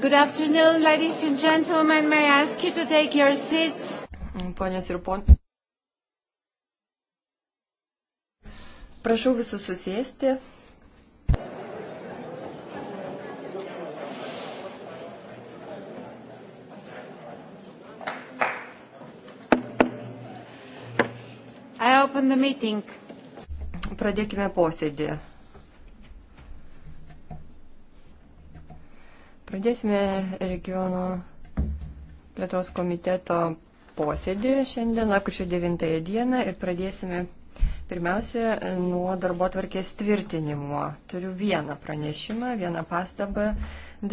Good afternoon, ladies and gentlemen. May I ask you to take your seats? Ponios ir ponai. Prašau visus susėsti. Pradėkime posėdį. Pradėsime regiono plėtros komiteto posėdį šiandien, lapkričio 9 dieną, ir pradėsime pirmiausia nuo darbo tvarkės tvirtinimo. Turiu vieną pranešimą, vieną pastabą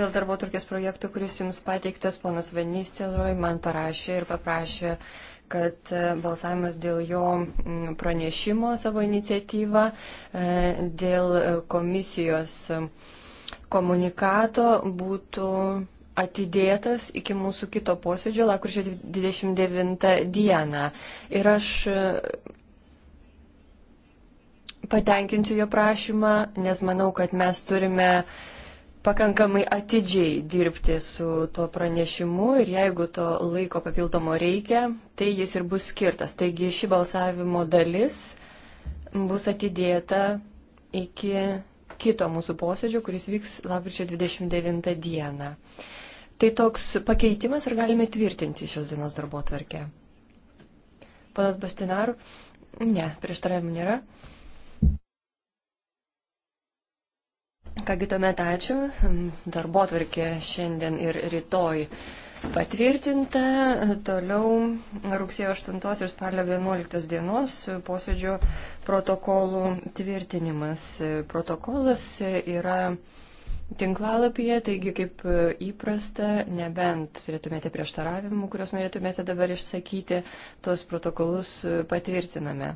dėl darbo tvarkės projektų, kuris jums pateiktas. Ponas Vanystelroj man parašė ir paprašė kad e, balsavimas dėl jo pranešimo savo iniciatyvą, e, dėl e, komisijos komunikato būtų atidėtas iki mūsų kito posėdžio, lakrūčio 29 dieną. Ir aš e, patenkinsiu jo prašymą, nes manau, kad mes turime pakankamai atidžiai dirbti su tuo pranešimu ir jeigu to laiko papildomo reikia, tai jis ir bus skirtas. Taigi ši balsavimo dalis bus atidėta iki kito mūsų posėdžio, kuris vyks lapkričio 29 dieną. Tai toks pakeitimas ir galime tvirtinti šios dienos darbo tvarkę. Panas Bastinaru, ne, prieštaravimų nėra. Kągi tuomet ačiū. Darbo tvarkė šiandien ir rytoj patvirtinta. Toliau rugsėjo 8 ir spalio 11 dienos posėdžio protokolų tvirtinimas. Protokolas yra tinklalapyje, taigi kaip įprasta, nebent turėtumėte prieštaravimų, kuriuos norėtumėte dabar išsakyti, tuos protokolus patvirtiname.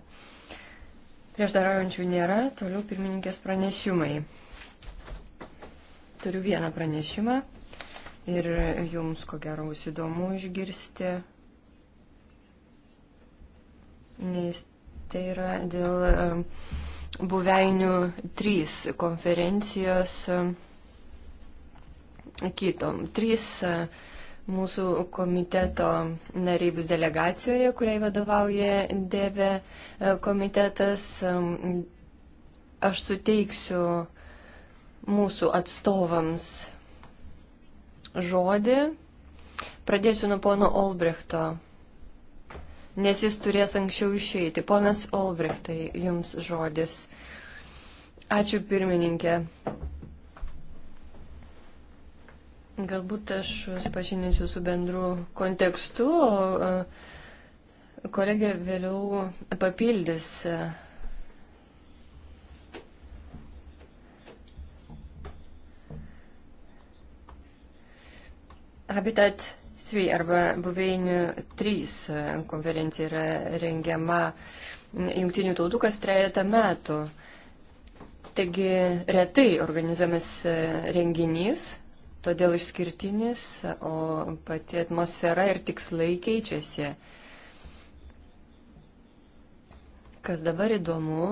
Prieštaraujančių nėra, toliau pirmininkės pranešimai. Turiu vieną pranešimą. Ir jums, ko gero, bus įdomu išgirsti, nes tai yra dėl e, buveinių 3 konferencijos e, kito. 3 e, mūsų komiteto nariai bus delegacijoje, kuriai vadovauja Dėvė komitetas. Aš suteiksiu mūsų atstovams žodį. Pradėsiu nuo pono Olbrechto, nes jis turės anksčiau išeiti. Ponas Olbrechtai, jums žodis. Ačiū pirmininkė. Galbūt aš susipažinsiu su bendru kontekstu, o e, kolegė vėliau papildys e, Habitat 3 arba buveinių 3 konferencija yra rengiama jungtinių tautų kas trejata metų. Taigi retai organizuojamas renginys, todėl išskirtinis, o pati atmosfera ir tikslai keičiasi. Kas dabar įdomu,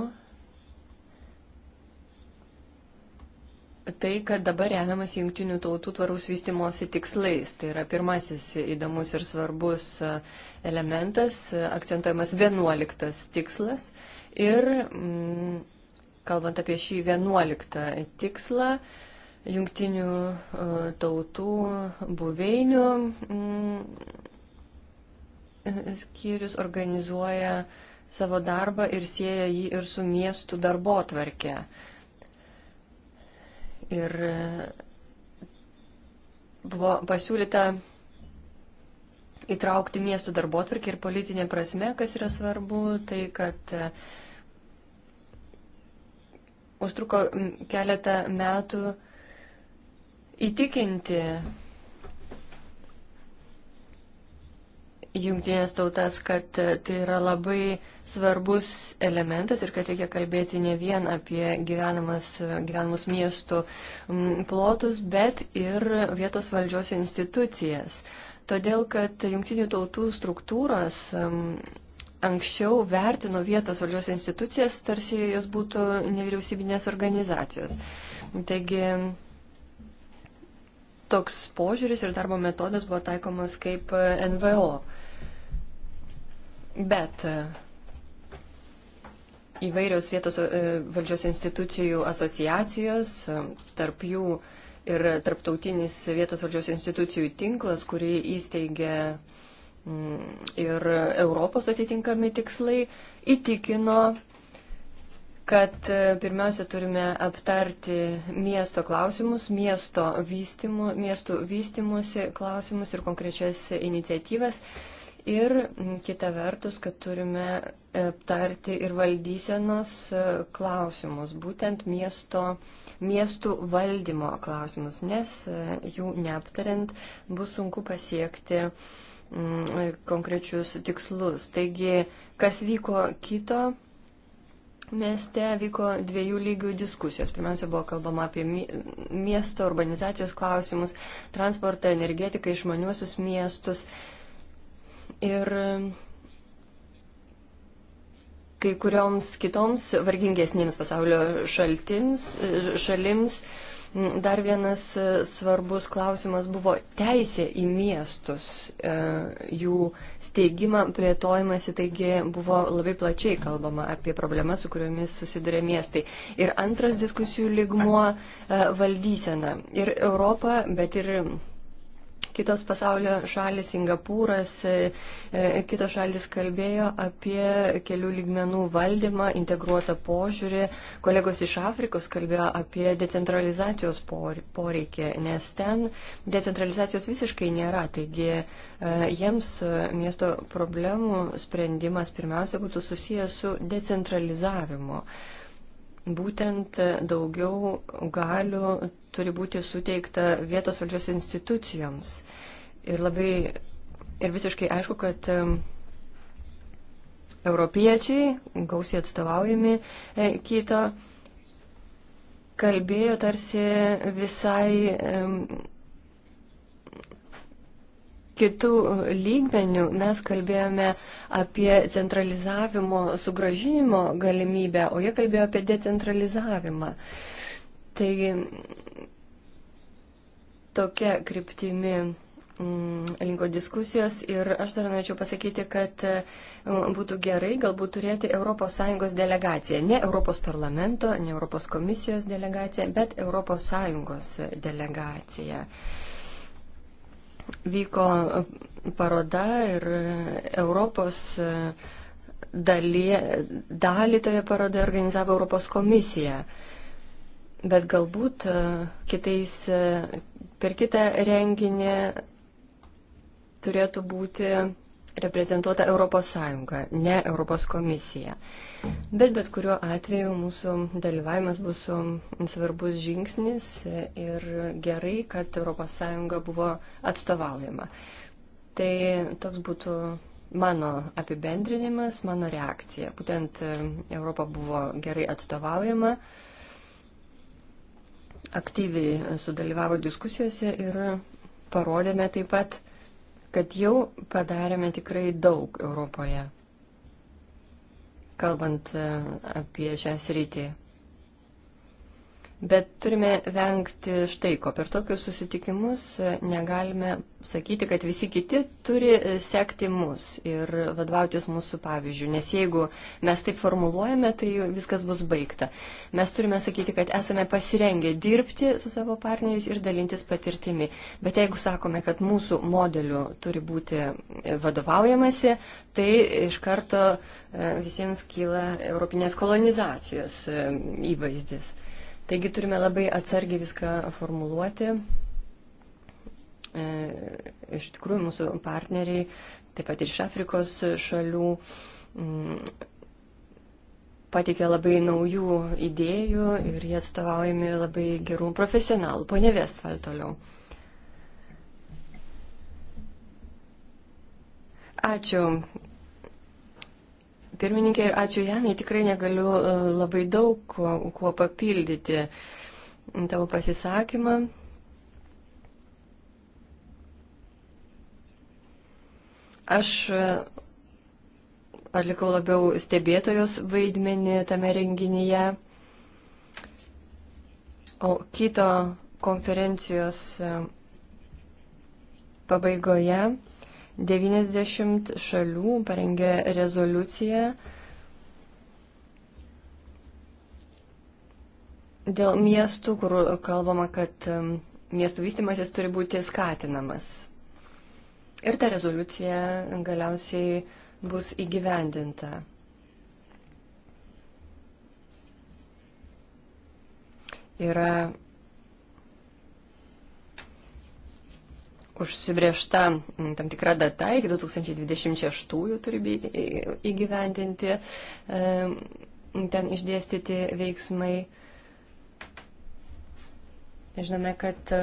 tai, kad dabar remiamas jungtinių tautų tvaraus vystimosi tikslais. Tai yra pirmasis įdomus ir svarbus e, elementas, e, akcentuojamas vienuoliktas tikslas. Ir mm, kalbant apie šį vienuoliktą tikslą, jungtinių e, tautų buveinių mm, skyrius organizuoja savo darbą ir sieja jį ir su miestų darbo tvarkė. Ir e, buvo pasiūlyta įtraukti miestų darbotvarkį ir politinė prasme, kas yra svarbu, tai kad e, užtruko keletą metų įtikinti jungtinės tautas, kad tai yra labai svarbus elementas ir kad reikia kalbėti ne vien apie gyvenamus miestų plotus, bet ir vietos valdžios institucijas. Todėl, kad jungtinių tautų struktūros anksčiau vertino vietos valdžios institucijas, tarsi jos būtų nevyriausybinės organizacijos. Taigi, toks požiūris ir darbo metodas buvo taikomas kaip NVO. Bet e, įvairios vietos e, valdžios institucijų asociacijos, e, tarp jų ir tarptautinis vietos valdžios institucijų tinklas, kurį įsteigė mm, ir Europos atitinkami tikslai, įtikino, kad pirmiausia turime aptarti miesto klausimus, miesto vystimu, miestų vystimusi klausimus ir konkrečias iniciatyvas. Ir kita vertus, kad turime e, aptarti ir valdysenos e, klausimus, būtent miesto, miestų valdymo klausimus, nes e, jų neaptariant bus sunku pasiekti konkrečius tikslus. Taigi, kas vyko kito mieste, vyko dviejų lygių diskusijos. Pirmiausia, buvo kalbama apie miesto urbanizacijos klausimus, transportą, energetiką, išmaniuosius miestus ir kai kurioms kitoms vargingesnėms pasaulio šaltims, šalims dar vienas svarbus klausimas buvo teisė į miestus, e, jų steigimą, plėtojimąsi, taigi buvo labai plačiai kalbama apie problemas, su kuriomis susiduria miestai. Ir antras diskusijų ligmuo e, - valdysena. Ir Europa, bet ir kitos pasaulio šalis, Singapūras, e, e, kitos šalis kalbėjo apie kelių lygmenų valdymą, integruotą požiūrį. Kolegos iš Afrikos kalbėjo apie decentralizacijos poreikį, nes ten decentralizacijos visiškai nėra. Taigi e, jiems miesto problemų sprendimas pirmiausia būtų susijęs su decentralizavimu būtent daugiau galių turi būti suteikta vietos valdžios institucijoms. Ir labai ir visiškai aišku, kad europiečiai, gausiai atstovaujami e, kito, kalbėjo tarsi visai kitų lygmenių mes kalbėjome apie centralizavimo sugražinimo galimybę, o jie kalbėjo apie decentralizavimą. Taigi tokia kryptimi mm, linko diskusijos ir aš dar norėčiau pasakyti, kad e, būtų gerai galbūt turėti ES delegaciją. Ne Europos parlamento, ne Europos komisijos delegaciją, bet ES delegaciją vyko paroda ir Europos e, dalie, dalį toje parodoje organizavo Europos komisija. Bet galbūt e, kitais, e, per kitą renginį turėtų būti reprezentuota Europos Sąjunga, ne Europos komisija. Bet bet kuriuo atveju mūsų dalyvavimas bus svarbus žingsnis ir gerai, kad Europos Sąjunga buvo atstovaujama. Tai toks būtų mano apibendrinimas, mano reakcija. Būtent Europa buvo gerai atstovaujama aktyviai sudalyvavo diskusijose ir parodėme taip pat, kad jau padarėme tikrai daug Europoje, kalbant e, apie šią sritį. Bet turime vengti štai ko. Per tokius susitikimus e, negalime sakyti, kad visi kiti turi e, sekti mus ir vadovautis mūsų pavyzdžių. Nes jeigu mes taip formuluojame, tai viskas bus baigta. Mes turime sakyti, kad esame pasirengę dirbti su savo partneriais ir dalintis patirtimi. Bet jeigu sakome, kad mūsų modeliu turi būti e, vadovaujamasi, tai iš karto visiems kyla Europinės kolonizacijos įvaizdis. Taigi turime labai atsargiai viską formuluoti. E, iš tikrųjų, mūsų partneriai, taip pat ir iš Afrikos šalių, mm, pateikė labai naujų idėjų ir jie atstovaujami labai gerų profesionalų. Pone Vesval toliau. Ačiū pirmininkė ir ačiū Janai, tikrai negaliu e, labai daug kuo, kuo papildyti tavo pasisakymą. Aš e, atlikau labiau stebėtojos vaidmenį tame renginyje, o kito konferencijos e, pabaigoje 90 šalių parengė rezoliuciją dėl miestų, kur kalbama, kad um, miestų vystimasis turi būti skatinamas. Ir ta rezoliucija galiausiai bus įgyvendinta. Yra užsibriešta mm, tam tikra data, iki 2026 turi įgyvendinti ten išdėstyti veiksmai. Žinome, kad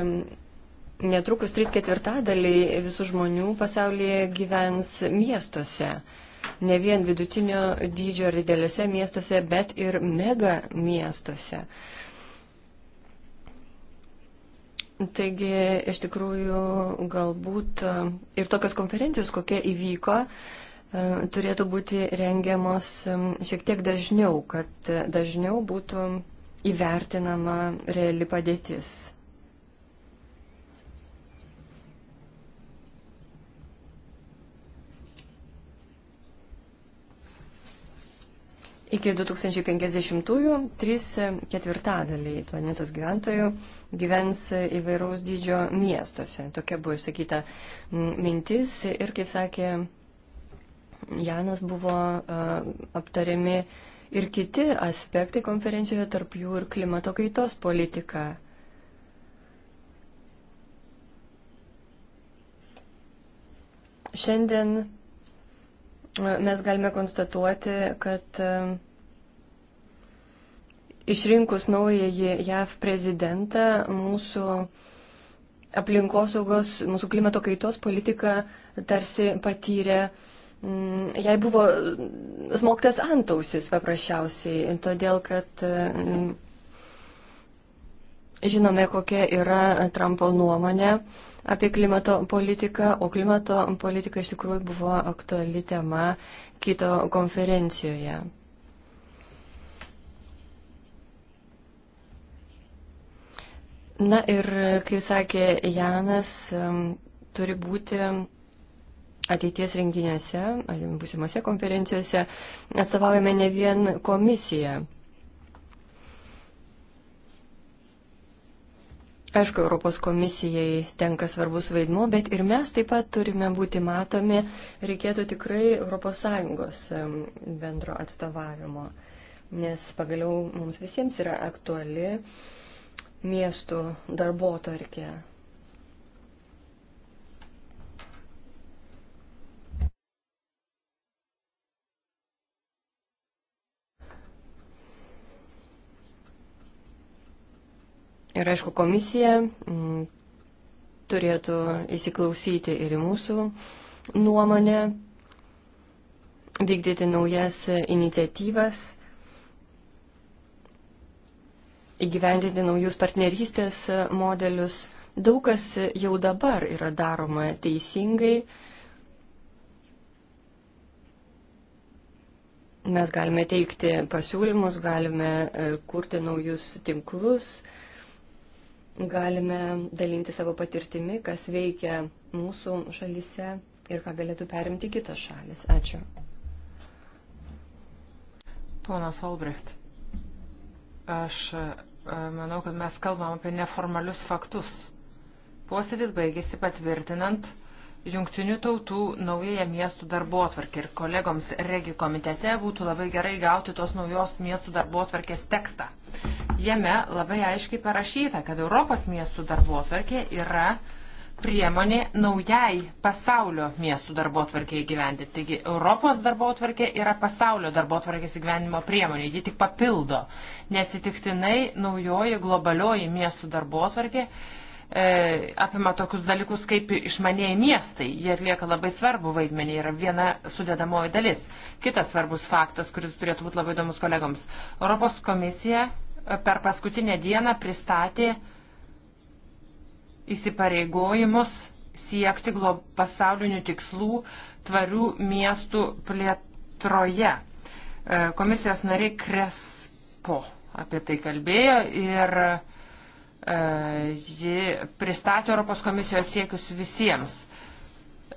netrukus 3 ketvirtadaliai visų žmonių pasaulyje gyvens miestuose. Ne vien vidutinio dydžio ar didelėse miestuose, bet ir mega miestuose. Uh, Taigi, iš tikrųjų, galbūt e, ir tokios konferencijos, kokia įvyko, e, turėtų būti rengiamos e, šiek tiek dažniau, kad dažniau būtų įvertinama reali padėtis. Iki 2050-ųjų trys ketvirtadaliai planetos gyventojų gyvens įvairaus dydžio miestuose. Tokia buvo išsakyta mintis ir, kaip sakė Janas, buvo aptariami ir kiti aspektai konferencijoje, tarp jų ir klimato kaitos politika. Šiandien mes galime konstatuoti, kad Išrinkus naująjį JAV prezidentą, mūsų aplinkosaugos, mūsų klimato kaitos politika tarsi patyrė, mm, jai buvo smoktas antausis paprasčiausiai, todėl kad mm, žinome, kokia yra Trumpo nuomonė apie klimato politiką, o klimato politika iš tikrųjų buvo aktuali tema kito konferencijoje. Na ir, kaip sakė Janas, turi būti ateities renginiuose, būsimose konferencijose, atstovaujame ne vien komisiją. Aišku, Europos komisijai tenka svarbus vaidmo, bet ir mes taip pat turime būti matomi, reikėtų tikrai ES bendro atstovavimo, nes pagaliau mums visiems yra aktuali uh, miestų darbo tarkė. Ir aišku, komisija m, mm, turėtų įsiklausyti ir į mūsų nuomonę, vykdyti naujas iniciatyvas įgyvendinti naujus partnerystės modelius. Daug kas jau dabar yra daroma teisingai. Mes galime teikti pasiūlymus, galime e, kurti naujus tinklus, galime dalinti savo patirtimi, kas veikia mūsų šalyse ir ką galėtų perimti kitos šalis. Ačiū. Ponas Albrecht, aš manau, kad mes kalbam apie neformalius faktus. Posėdis baigėsi patvirtinant Jungtinių tautų naująją miestų darbo atvarkį ir kolegoms regi komitete būtų labai gerai gauti tos naujos miestų darbo atvarkės tekstą. Jame labai aiškiai parašyta, kad Europos miestų darbo atvarkė yra priemonė naujai pasaulio miestų darbo atvarkiai gyventi. Taigi Europos darbo atvarkė yra pasaulio darbo atvarkės įgyvenimo priemonė, ji tik papildo. Neatsitiktinai naujoji globalioji miestų darbo atvarkė e, apima tokius dalykus kaip išmanėjai miestai. Jie atlieka labai svarbų vaidmenį, yra viena sudėdamoji dalis. Kitas svarbus faktas, kuris turėtų būti labai įdomus kolegoms. Europos komisija per paskutinę dieną pristatė įsipareigojimus siekti pasaulinių tikslų tvarių miestų plėtroje. E, komisijos nariai Krespo apie tai kalbėjo ir e, ji pristatė Europos komisijos siekius visiems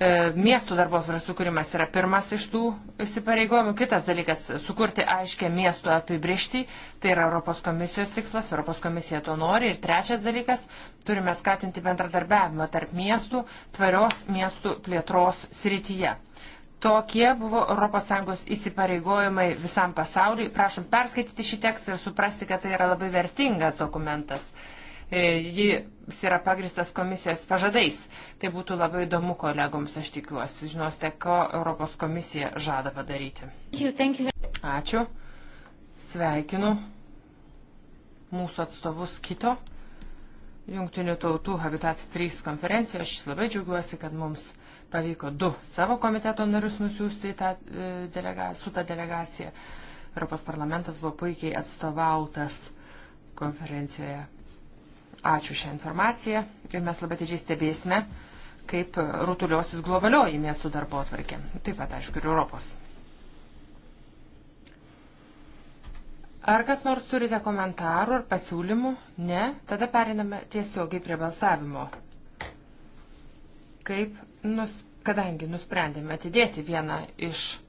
E, miestų darbotvarkės sukūrimas yra pirmas iš tų įsipareigojimų. Kitas dalykas - sukurti aiškę miesto apibrišti. Tai yra Europos komisijos tikslas, Europos komisija to nori. Ir trečias dalykas - turime skatinti bendradarbiavimą tarp miestų tvarios miestų plėtros srityje. Tokie buvo ES įsipareigojimai visam pasauliui. Prašom perskaityti šį tekstą ir suprasti, kad tai yra labai vertingas dokumentas. E, Jis yra pagristas komisijos pažadais. Tai būtų labai įdomu kolegoms, aš tikiuosi. Žinosite, ko Europos komisija žada padaryti. Ačiū. Sveikinu mūsų atstovus kito Jungtinių tautų Habitat 3 konferencijoje. Aš labai džiaugiuosi, kad mums pavyko du savo komiteto narius nusiųsti tą, e, delega, su tą delegaciją. Europos parlamentas buvo puikiai atstovautas konferencijoje. Ačiū šią informaciją ir mes labai atidžiai stebėsime, kaip rutuliosis globalioji miestų darbo atvarkė. Taip pat, aišku, ir Europos. Ar kas nors turite komentarų ar pasiūlymų? Ne, tada periname tiesiogiai prie balsavimo. Kaip, nus, kadangi nusprendėme atidėti vieną iš e,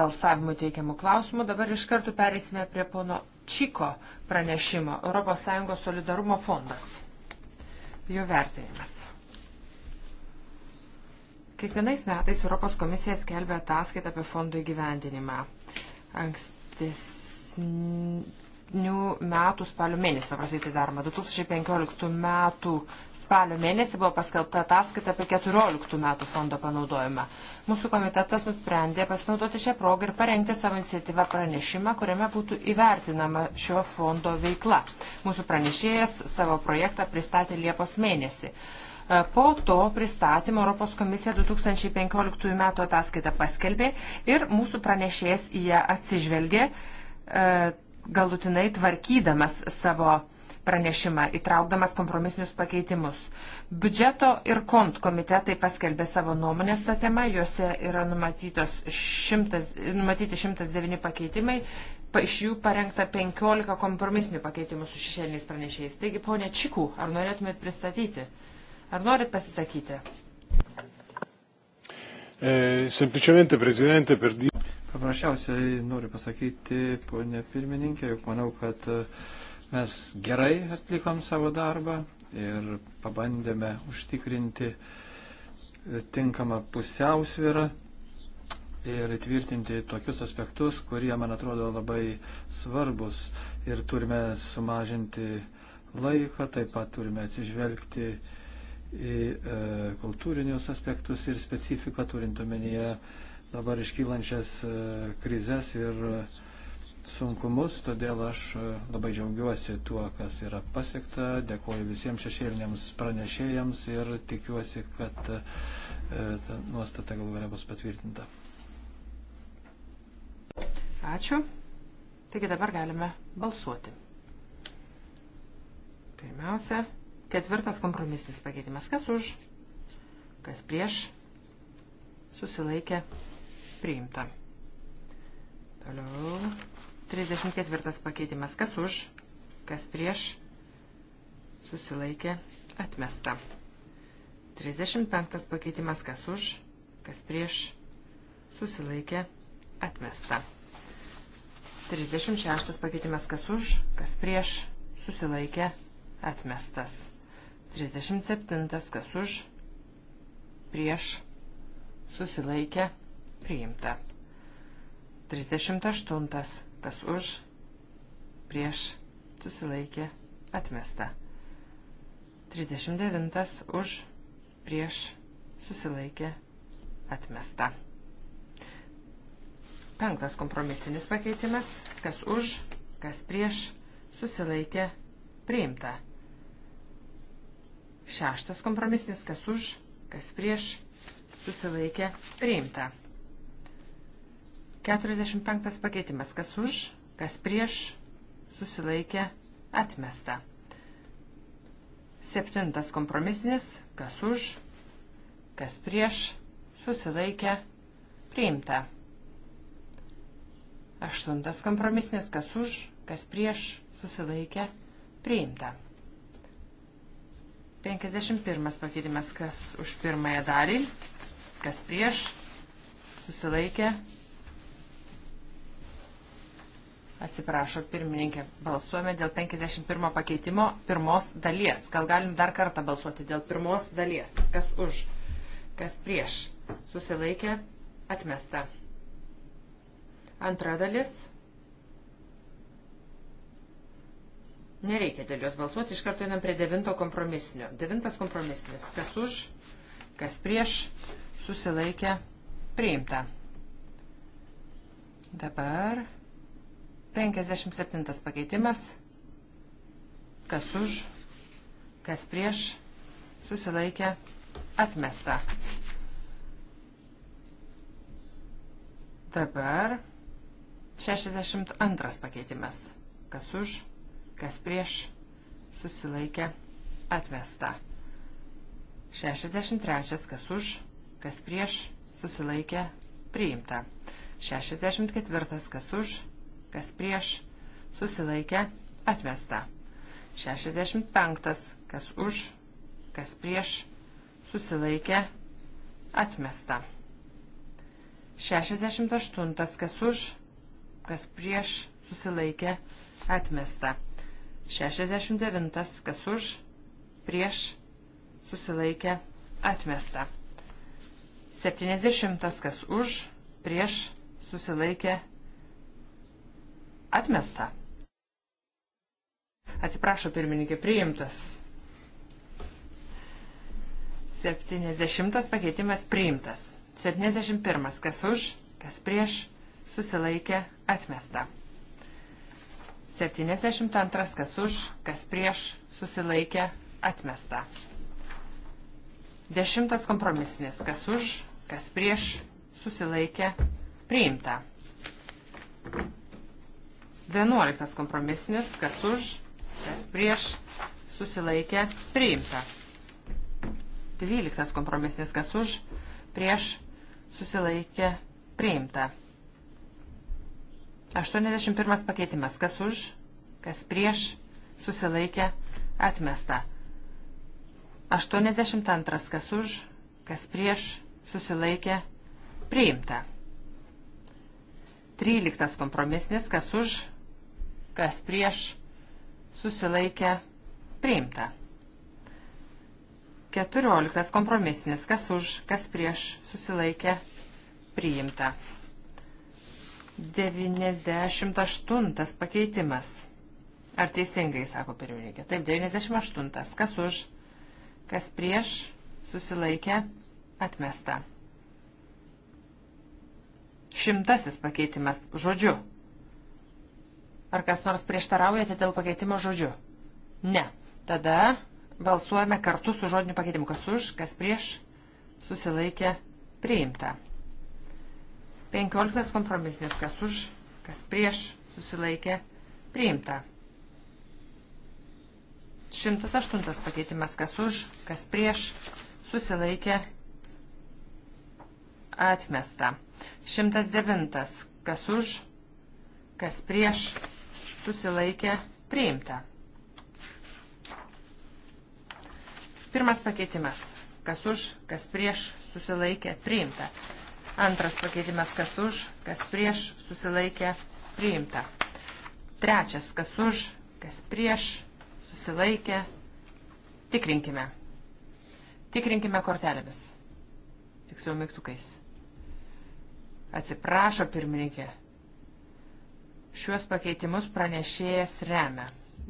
balsavimų teikiamų klausimų. Dabar iš karto pereisime prie pono Čiko pranešimo ES solidarumo fondas. Jų vertinimas. Kiekvienais metais Europos komisija skelbia ataskaitą apie fondų įgyvendinimą. Ankstesnė metų spalio mėnesį, paprastai tai daroma. 2015 metų spalio mėnesį buvo paskelbta ataskaita apie 14 metų fondo panaudojimą. Mūsų komitetas nusprendė pasinaudoti šią progą ir parengti savo iniciatyvą pranešimą, kuriame būtų įvertinama šio fondo veikla. Mūsų pranešėjas savo projektą pristatė Liepos mėnesį. Po to pristatymo Europos komisija 2015 m. ataskaitą paskelbė ir mūsų pranešėjas į ją atsižvelgė e, galutinai tvarkydamas savo pranešimą, įtraukdamas kompromisinius pakeitimus. Biudžeto ir kont komitetai paskelbė savo nuomonės tą temą, juose yra šimtas, numatyti 109 pakeitimai, pa, iš jų parengta 15 kompromisinių pakeitimų su šešėliniais pranešėjais. Taigi, ponė Čikų, ar norėtumėt pristatyti? Ar norit pasisakyti? E, eh, sempliciamente, prezidente, per di... Paprasčiausiai noriu pasakyti, ponė pirmininkė, jog manau, kad e, mes gerai atlikom savo darbą ir pabandėme užtikrinti e, tinkamą pusiausvyrą ir įtvirtinti tokius aspektus, kurie, man atrodo, labai svarbus ir turime sumažinti laiką, taip pat turime atsižvelgti į e, kultūrinius aspektus ir specifiką turint omenyje e, dabar iškylančias e, krizės ir e, sunkumus, todėl aš e, labai džiaugiuosi tuo, kas yra pasiekta, dėkoju visiems šešėliniams pranešėjams ir tikiuosi, kad ta nuostata galų galia bus patvirtinta. Ačiū. Taigi dabar galime balsuoti. Pirmiausia, ketvirtas kompromisinis pakeitimas. Kas už? Kas prieš? Susilaikė priimta. Toliau. 34 pakeitimas. Kas už, kas prieš, susilaikė, atmesta. 35 pakeitimas. Kas už, kas prieš, susilaikė, atmesta. 36 pakeitimas. Kas už, kas prieš, susilaikė, atmestas. 37 kas už, prieš, susilaikė, atmestas susilaikė priimta. 38. Kas už, prieš, susilaikė, atmesta. 39. Už, prieš, susilaikė, atmesta. Penktas kompromisinis pakeitimas. Kas už, kas prieš, susilaikė, priimta. Šeštas kompromisinis. Kas už, kas prieš, susilaikė, priimta. 45 pakeitimas. Kas už, kas prieš, susilaikė, atmesta. Septintas kompromisinis. Kas už, kas prieš, susilaikė, priimta. Aštuntas kompromisinis. Kas už, kas prieš, susilaikė, priimta. 51 pakeitimas, kas už pirmąją dalį, kas prieš, susilaikė, priimta Atsiprašo, pirmininkė, balsuojame dėl 51 pakeitimo pirmos dalies. Gal galim dar kartą balsuoti dėl pirmos dalies. Kas už, kas prieš. Susilaikė, atmesta. Antra dalis. Nereikia dėl jos balsuoti, iš karto einam prie devinto kompromisinio. Devintas kompromisinis. Kas už, kas prieš, susilaikė, priimta. Dabar 57 pakeitimas. Kas už, kas prieš, susilaikė, atmesta. Dabar 62 pakeitimas. Kas už, kas prieš, susilaikė, atmesta. 63 kas už, kas prieš, susilaikė, priimta. 64 kas už, kas prieš, susilaikė, atmesta. 65, kas už, kas prieš, susilaikė, atmesta. 68, kas už, kas prieš, susilaikė, atmesta. 69, kas už, prieš, susilaikė, atmesta. 70, kas už, prieš, susilaikė, atmesta. Atmesta. Atsiprašau, pirmininkė, priimtas. 70 pakeitimas priimtas. 71. Kas už, kas prieš, susilaikė, atmesta. 72. Kas už, kas prieš, susilaikė, atmesta. 10. Kompromisinis. Kas už, kas prieš, susilaikė, priimta. 11 kompromisinis, kas už, kas prieš, susilaikė, priimta. 12 kompromisinis, kas už, prieš, susilaikė, priimta. 81 pakeitimas, kas už, kas prieš, susilaikė, atmesta. 82, kas už, kas prieš, susilaikė, priimta. 13 kompromisinis, kas už, kas prieš, susilaikė, priimta. 14 kompromisinis, kas už, kas prieš, susilaikė, priimta. 98 pakeitimas. Ar teisingai, sako pirmininkė. Taip, 98. Kas už, kas prieš, susilaikė, atmesta. Šimtasis pakeitimas žodžiu. Ar kas nors prieštaraujate dėl pakeitimo žodžiu? Ne. Tada balsuojame kartu su žodiniu pakeitimu. Kas už, kas prieš, susilaikė, priimta. 15 kompromisnis. Kas už, kas prieš, susilaikė, priimta. 108 pakeitimas. Kas už, kas prieš, susilaikė, atmesta. 109. Kas už, kas prieš, susilaikė susilaikė priimta. Pirmas pakeitimas. Kas už, kas prieš susilaikė priimta. Antras pakeitimas. Kas už, kas prieš susilaikė priimta. Trečias. Kas už, kas prieš susilaikė. Tikrinkime. Tikrinkime kortelėmis. Tiksliau mygtukais. Atsiprašo pirmininkė. Šiuos pakeitimus pranešėjas remia.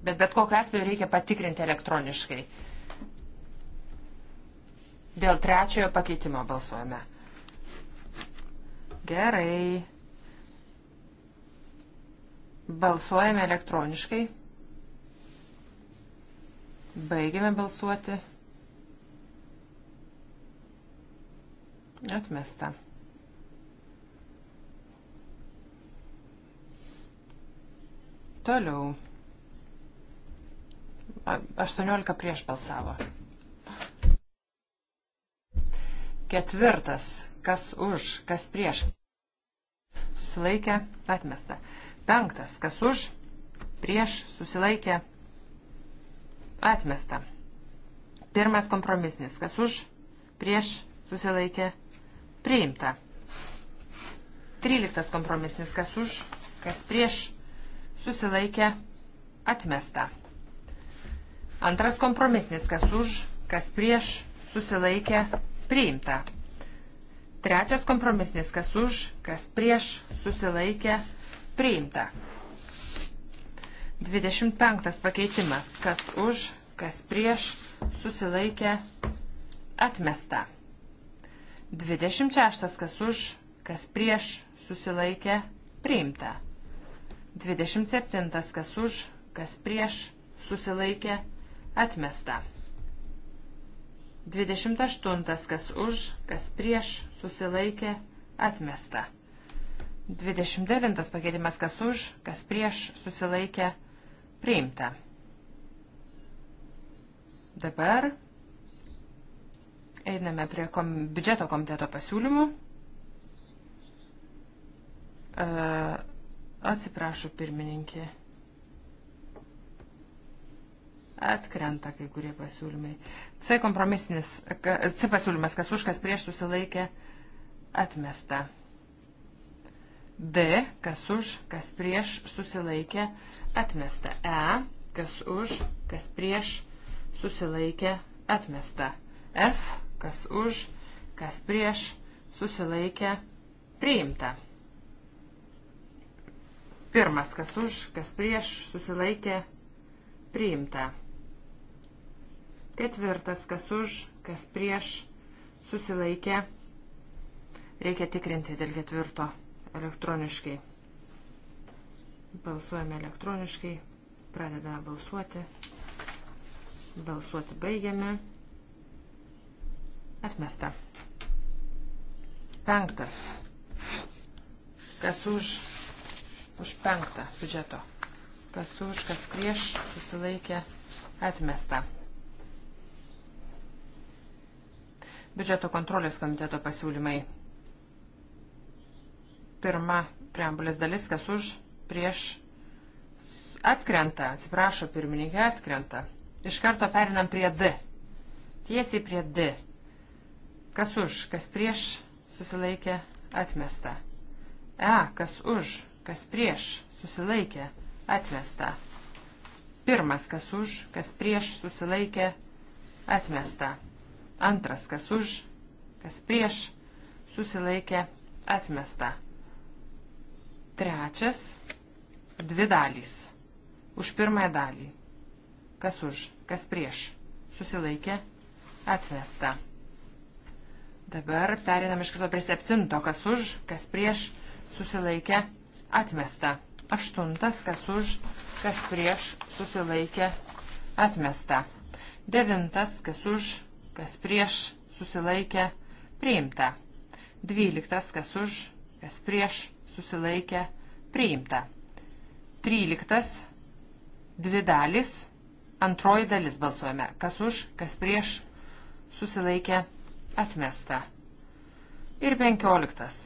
Bet bet kokiu atveju reikia patikrinti elektroniškai. Dėl trečiojo pakeitimo balsuojame. Gerai. Balsuojame elektroniškai. Baigiame balsuoti. Atmesta. Toliau. 18 prieš balsavo. Ketvirtas. Kas už, kas prieš. Susilaikė, atmesta. Penktas. Kas už, prieš, susilaikė, atmesta. Pirmas kompromisnis. Kas už, prieš, susilaikė, priimta. Tryliktas kompromisnis. Kas už, kas prieš, susilaikė atmesta. Antras kompromisnis, kas už, kas prieš, susilaikė priimta. Trečias kompromisnis, kas už, kas prieš, susilaikė priimta. 25 pakeitimas, kas už, kas prieš, susilaikė atmesta. 26 kas už, kas prieš, susilaikė priimta. 27. Kas už, kas prieš, susilaikė, atmesta. 28. Kas už, kas prieš, susilaikė, atmesta. 29. Pakeitimas kas už, kas prieš, susilaikė, priimta. Dabar einame prie kom, biudžeto komiteto pasiūlymų. Uh, Atsiprašau, pirmininkė. Atkrenta kai kurie pasiūlymai. C kompromisinis, C pasiūlymas, kas už, kas prieš susilaikė, atmesta. D, kas už, kas prieš susilaikė, atmesta. E, kas už, kas prieš susilaikė, atmesta. F, kas už, kas prieš susilaikė, priimta. Pirmas, kas už, kas prieš, susilaikė, priimta. Ketvirtas, kas už, kas prieš, susilaikė. Reikia tikrinti dėl ketvirto elektroniškai. Balsuojame elektroniškai, pradedame balsuoti. Balsuoti baigiame. Atmesta. Penktas. Kas už, už penktą biudžeto. Kas už, kas prieš, susilaikė, atmesta. Biudžeto kontrolės komiteto pasiūlymai. Pirma preambulės dalis, kas už, prieš, atkrenta, atsiprašo pirmininkė, atkrenta. Iš karto perinam prie D. Tiesiai prie D. Kas už, kas prieš, susilaikė, atmesta. E, kas už, kas prieš, susilaikė, atmesta. Pirmas, kas už, kas prieš, susilaikė, atmesta. Antras, kas už, kas prieš, susilaikė, atmesta. Trečias, dvi dalys. Už pirmąją dalį. Kas už, kas prieš, susilaikė, atmesta. Dabar perinam iš karto prie septinto, kas už, kas prieš, susilaikė, atmesta atmesta. Aštuntas, kas už, kas prieš, susilaikė, atmesta. Devintas, kas už, kas prieš, susilaikė, priimta. Dvyliktas, kas už, kas prieš, susilaikė, priimta. Tryliktas, dvi dalis, antroji dalis balsuojame. Kas už, kas prieš, susilaikė, atmesta. Ir penkioliktas.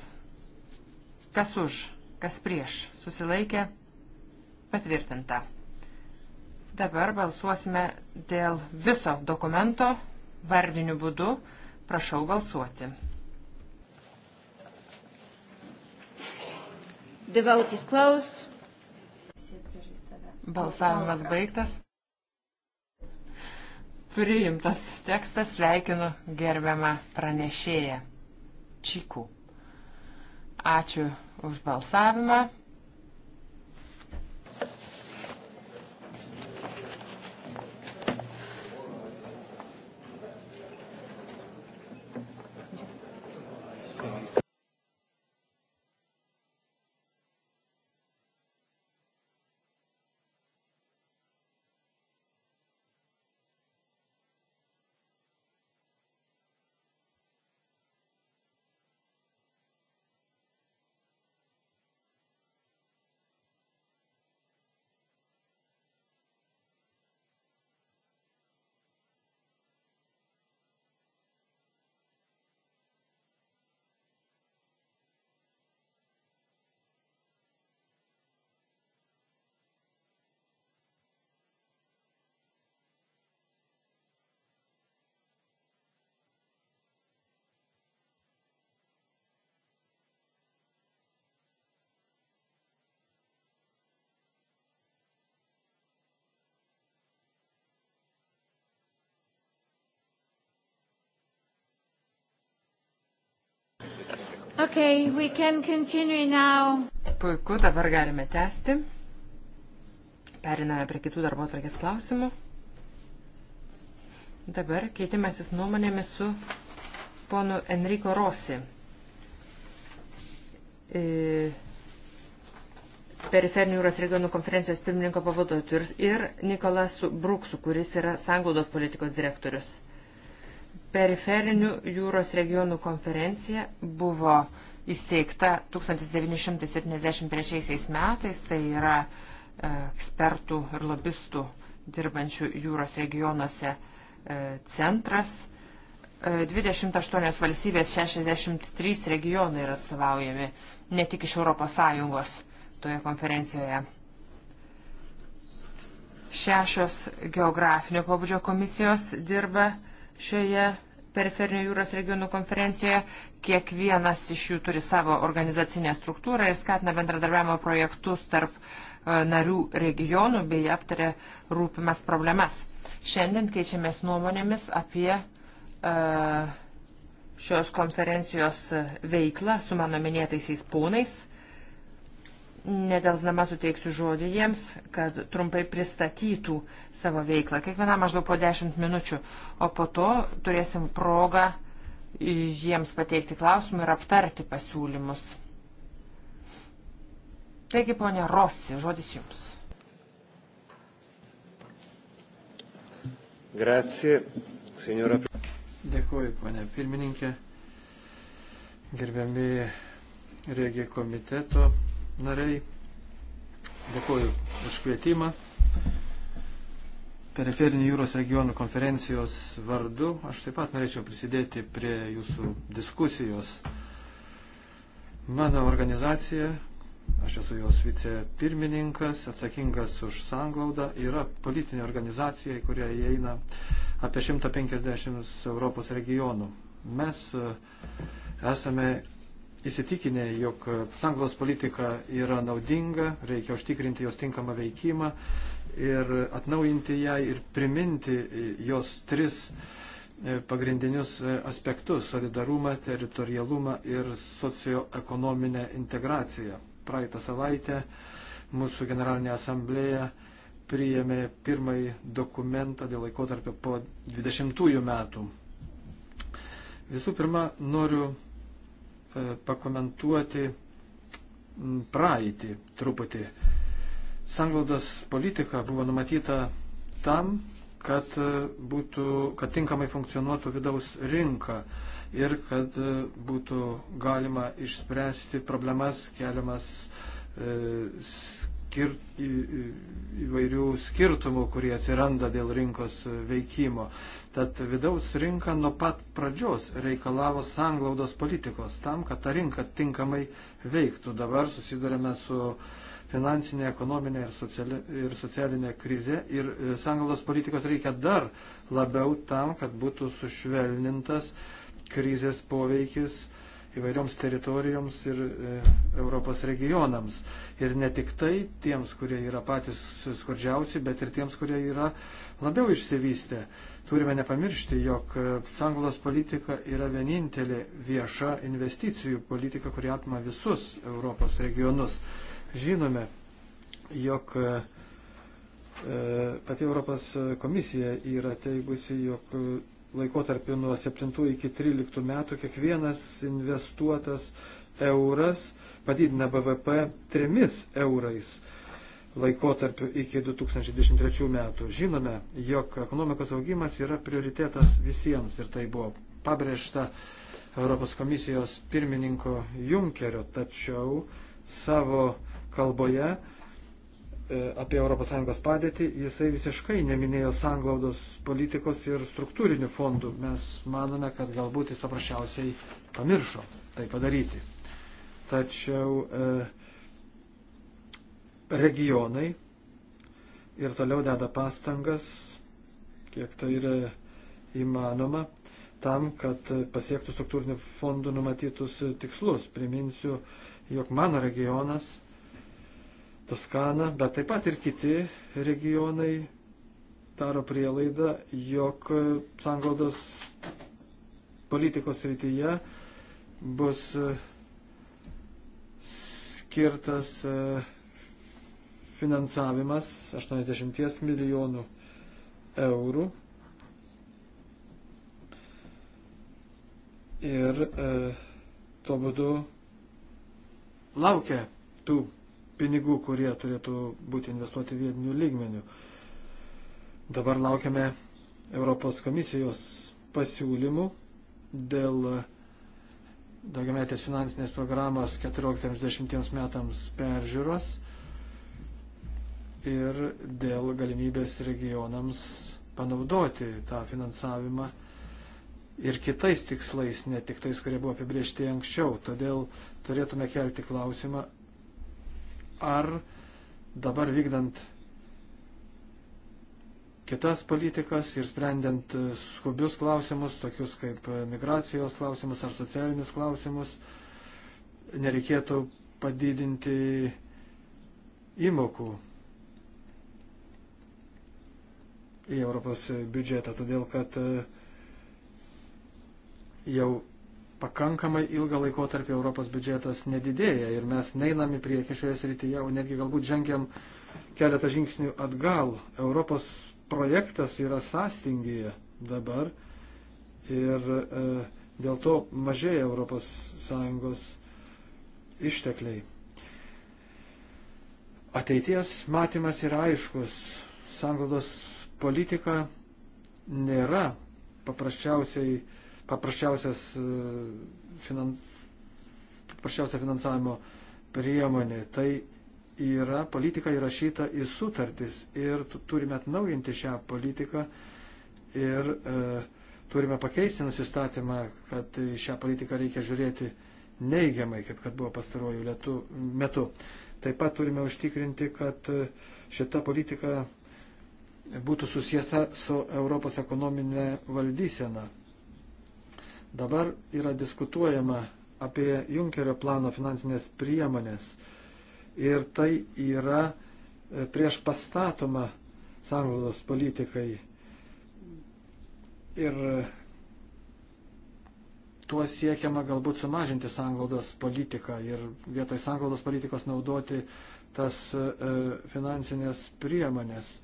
Kas už, Kas prieš? Susilaikė? Patvirtinta. Dabar balsuosime dėl viso dokumento vardiniu būdu. Prašau balsuoti. The vote is closed. Balsavimas baigtas. Priimtas tekstas sveikinu gerbiamą pranešėją Čikų. Ačiū už balsavimą. Okay, we can continue now. Puiku, dabar galime tęsti. Periname prie kitų darbo atvarkės klausimų. Dabar keitimasis nuomonėmis su ponu Enrico Rosi. E, Periferinių jūros regionų konferencijos pirmininko pavaduotojus ir Nikolasu Bruksu, kuris yra sanglaudos politikos direktorius. Periferinių jūros regionų konferencija buvo įsteigta 1973 metais, tai yra e, ekspertų ir lobistų dirbančių jūros regionuose e, centras. 28 e, valstybės 63 regionai yra atstovaujami, ne tik iš ES toje konferencijoje. Šešios geografinio pabudžio komisijos dirba šioje periferinio jūros regionų konferencijoje. Kiekvienas iš jų turi savo organizacinę struktūrą ir skatina bendradarbiavimo projektus tarp e, narių regionų bei aptarė rūpimas problemas. Šiandien keičiamės nuomonėmis apie e, šios konferencijos veiklą su mano minėtaisiais pūnais. Nedelsdama suteiksiu žodį jiems, kad trumpai pristatytų savo veiklą. Kiekviena maždaug po 10 minučių, o po to turėsim progą jiems pateikti klausimų ir aptarti pasiūlymus. Taigi, ponė Rossi, žodis jums. Grazie, signora. Dėkuoju, ponė pirmininkė. Gerbiami regė komiteto nariai. Dėkuoju už kvietimą. Periferinių jūros regionų konferencijos vardu aš taip pat norėčiau prisidėti prie jūsų diskusijos. Mano organizacija, aš esu jos vicepirmininkas, atsakingas už sanglaudą, yra politinė organizacija, į kurią įeina apie 150 Europos regionų. Mes e, esame įsitikinę, jog sanglos politika yra naudinga, reikia užtikrinti jos tinkamą veikimą ir atnaujinti ją ir priminti jos tris e, pagrindinius e, aspektus - solidarumą, teritorialumą ir socioekonominę integraciją. Praeitą savaitę mūsų generalinė asamblėja priėmė pirmąjį dokumentą dėl laikotarpio po 20 metų. Visų pirma, noriu E, pakomentuoti praeitį truputį. Sanglaudos politika buvo numatyta tam, kad, e, būtų, kad tinkamai funkcionuotų vidaus rinka ir kad e, būtų galima išspręsti problemas keliamas e, skir, į, į, įvairių skirtumų, kurie atsiranda dėl rinkos veikimo. Tad vidaus rinka nuo pat pradžios reikalavo sanglaudos politikos tam, kad ta rinka tinkamai veiktų. Dabar susidurime su finansinė, ekonominė ir, sociali, ir socialinė krize ir e, sanglaudos politikos reikia dar labiau tam, kad būtų sušvelnintas krizės poveikis įvairioms teritorijoms ir e, Europos regionams. Ir ne tik tai tiems, kurie yra patys skurdžiausi, bet ir tiems, kurie yra labiau išsivystę. Turime nepamiršti, jog e, sanglos politika yra vienintelė vieša investicijų politika, kuri atma visus Europos regionus. Žinome, jog e, pati Europos komisija yra teigusi, jog laikotarpiu nuo 7 iki 13 metų kiekvienas investuotas euras padidina BVP 3 eurais laikotarpiu iki 2023 metų. Žinome, jog ekonomikos augimas yra prioritetas visiems ir tai buvo pabrėžta Europos komisijos pirmininko Junkerio, tačiau savo kalboje E, apie ES padėtį, jisai visiškai neminėjo sanglaudos politikos ir struktūrinių fondų. Mes manome, kad galbūt jis paprasčiausiai pamiršo tai padaryti. Tačiau e, regionai ir toliau deda pastangas, kiek tai yra įmanoma, tam, kad pasiektų struktūrinių fondų numatytus tikslus. Priminsiu, jog mano regionas Toskana, bet taip pat ir kiti regionai daro prielaidą, jog sanglaudos politikos rytyje bus e, skirtas e, finansavimas 80 milijonų eurų. Ir e, tuo būdu laukia tų pinigų, kurie turėtų būti investuoti vietinių lygmenių. Dabar laukiame Europos komisijos pasiūlymų dėl daugiametės finansinės programos 14-20 metams peržiūros ir dėl galimybės regionams panaudoti tą finansavimą ir kitais tikslais, ne tik tais, kurie buvo apibriežti anksčiau. Todėl turėtume kelti klausimą, ar dabar vykdant kitas politikas ir sprendžiant skubius klausimus, tokius kaip migracijos klausimus ar socialinius klausimus, nereikėtų padidinti įmokų į Europos biudžetą, todėl kad jau pakankamai ilgą laikotarpį Europos biudžetas nedidėja ir mes neinam į priekį šioje srityje, o netgi galbūt žengiam keletą žingsnių atgal. Europos projektas yra sąstingyje dabar ir e, dėl to mažėja ES ištekliai. Ateities matymas yra aiškus. Sanglaudos politika nėra paprasčiausiai paprasčiausias e, finan, paprasčiausia finansavimo priemonė. Tai yra politika įrašyta į sutartis ir turime atnaujinti šią politiką ir e, turime pakeisti nusistatymą, kad šią politiką reikia žiūrėti neigiamai, kaip kad buvo pastarojų lietu, metu. Taip pat turime užtikrinti, kad e, šita politika būtų susijęta su Europos ekonominė valdysena. Dabar yra diskutuojama apie Junkerio plano finansinės priemonės ir tai yra e, prieš pastatoma sanglaudos politikai. Ir e, tuo siekiama galbūt sumažinti sanglaudos politiką ir vietoj sanglaudos politikos naudoti tas e, e finansinės priemonės.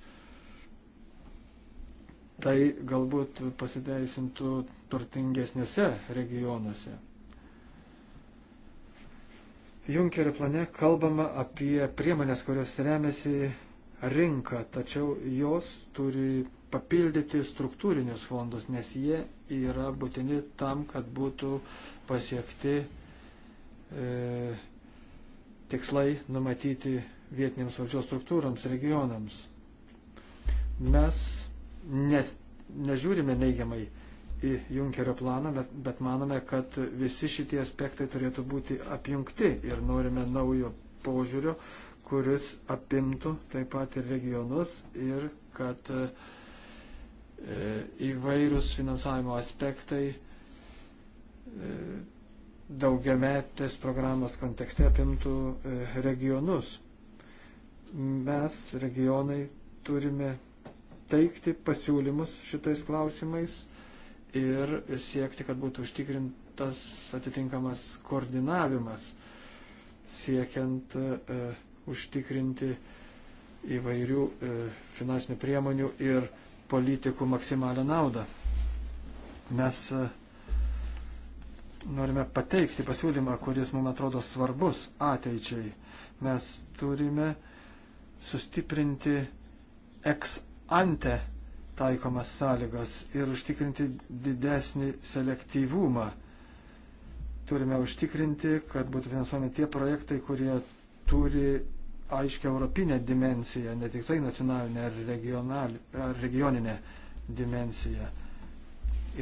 Tai galbūt pasiteisintų turtingesniuose regionuose. Junkerio plane kalbama apie priemonės, kurios remiasi rinką, tačiau jos turi papildyti struktūrinius fondus, nes jie yra būtini tam, kad būtų pasiekti e, tikslai numatyti vietiniams valdžios struktūrams, regionams. Mes nes, nežiūrime neigiamai į Junkerio planą, bet, bet manome, kad visi šitie aspektai turėtų būti apjungti ir norime naujo požiūrio, kuris apimtų taip pat ir regionus ir kad e, įvairūs finansavimo aspektai e, daugiametės programos kontekste apimtų e, regionus. Mes, regionai, turime teikti pasiūlymus šitais klausimais ir siekti, kad būtų užtikrintas atitinkamas koordinavimas, siekiant e, užtikrinti įvairių e, finansinių priemonių ir politikų maksimalią naudą. Mes e, norime pateikti pasiūlymą, kuris mums atrodo svarbus ateičiai. Mes turime sustiprinti ex ante taikomas sąlygas ir užtikrinti didesnį selektyvumą. Turime užtikrinti, kad būtų finansuomi tie projektai, kurie turi aiškia europinę dimensiją, ne tik tai nacionalinę ar, regional, ar regioninę dimensiją.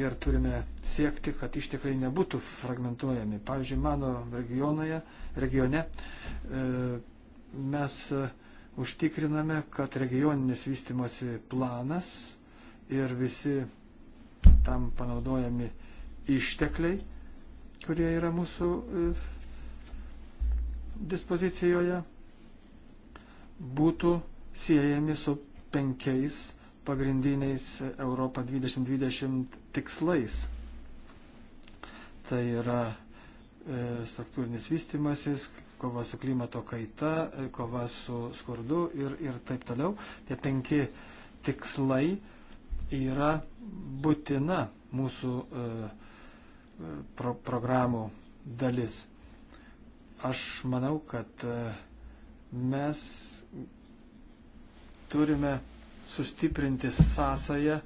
Ir turime siekti, kad ištekliai nebūtų fragmentuojami. Pavyzdžiui, mano regionoje, regione e, mes užtikriname, kad regioninis vystimosi planas ir visi tam panaudojami ištekliai, kurie yra mūsų e, dispozicijoje, būtų siejami su penkiais pagrindiniais Europą 2020 tikslais. Tai yra e, struktūrinis vystimasis, kova su klimato kaita, e, kova su skurdu ir, ir taip toliau. Tie penki tikslai yra būtina mūsų e, pro programų dalis. Aš manau, kad e, mes turime sustiprinti sąsąją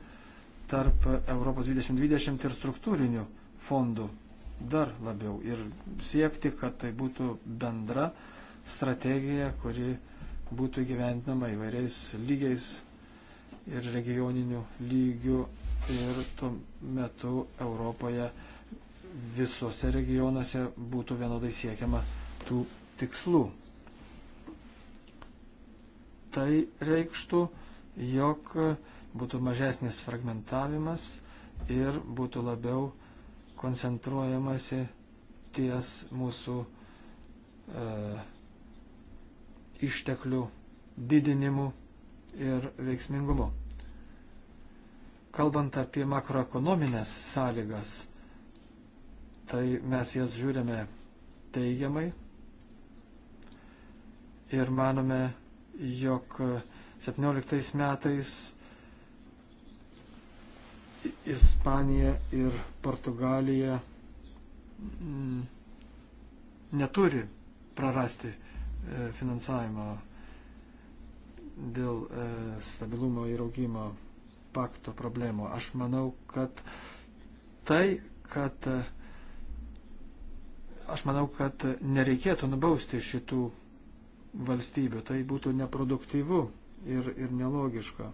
tarp Europos 2020 ir struktūrinių fondų dar labiau ir siekti, kad tai būtų bendra strategija, kuri būtų gyventinama įvairiais lygiais ir regioninių lygių ir tuo metu Europoje visose regionuose būtų vienodai siekiama tų tikslų. Tai reikštų, jog būtų mažesnis fragmentavimas ir būtų labiau koncentruojamasi ties mūsų e, išteklių didinimu ir veiksmingumu. Kalbant apie makroekonominės sąlygas, tai mes jas žiūrime teigiamai ir manome, jog 17 metais Ispanija ir Portugalija mm, neturi prarasti e, finansavimo dėl e, stabilumo ir augimo pakto problemų. Aš manau, kad tai, kad e, aš manau, kad nereikėtų nubausti šitų valstybių. Tai būtų neproduktyvu ir, ir nelogiška.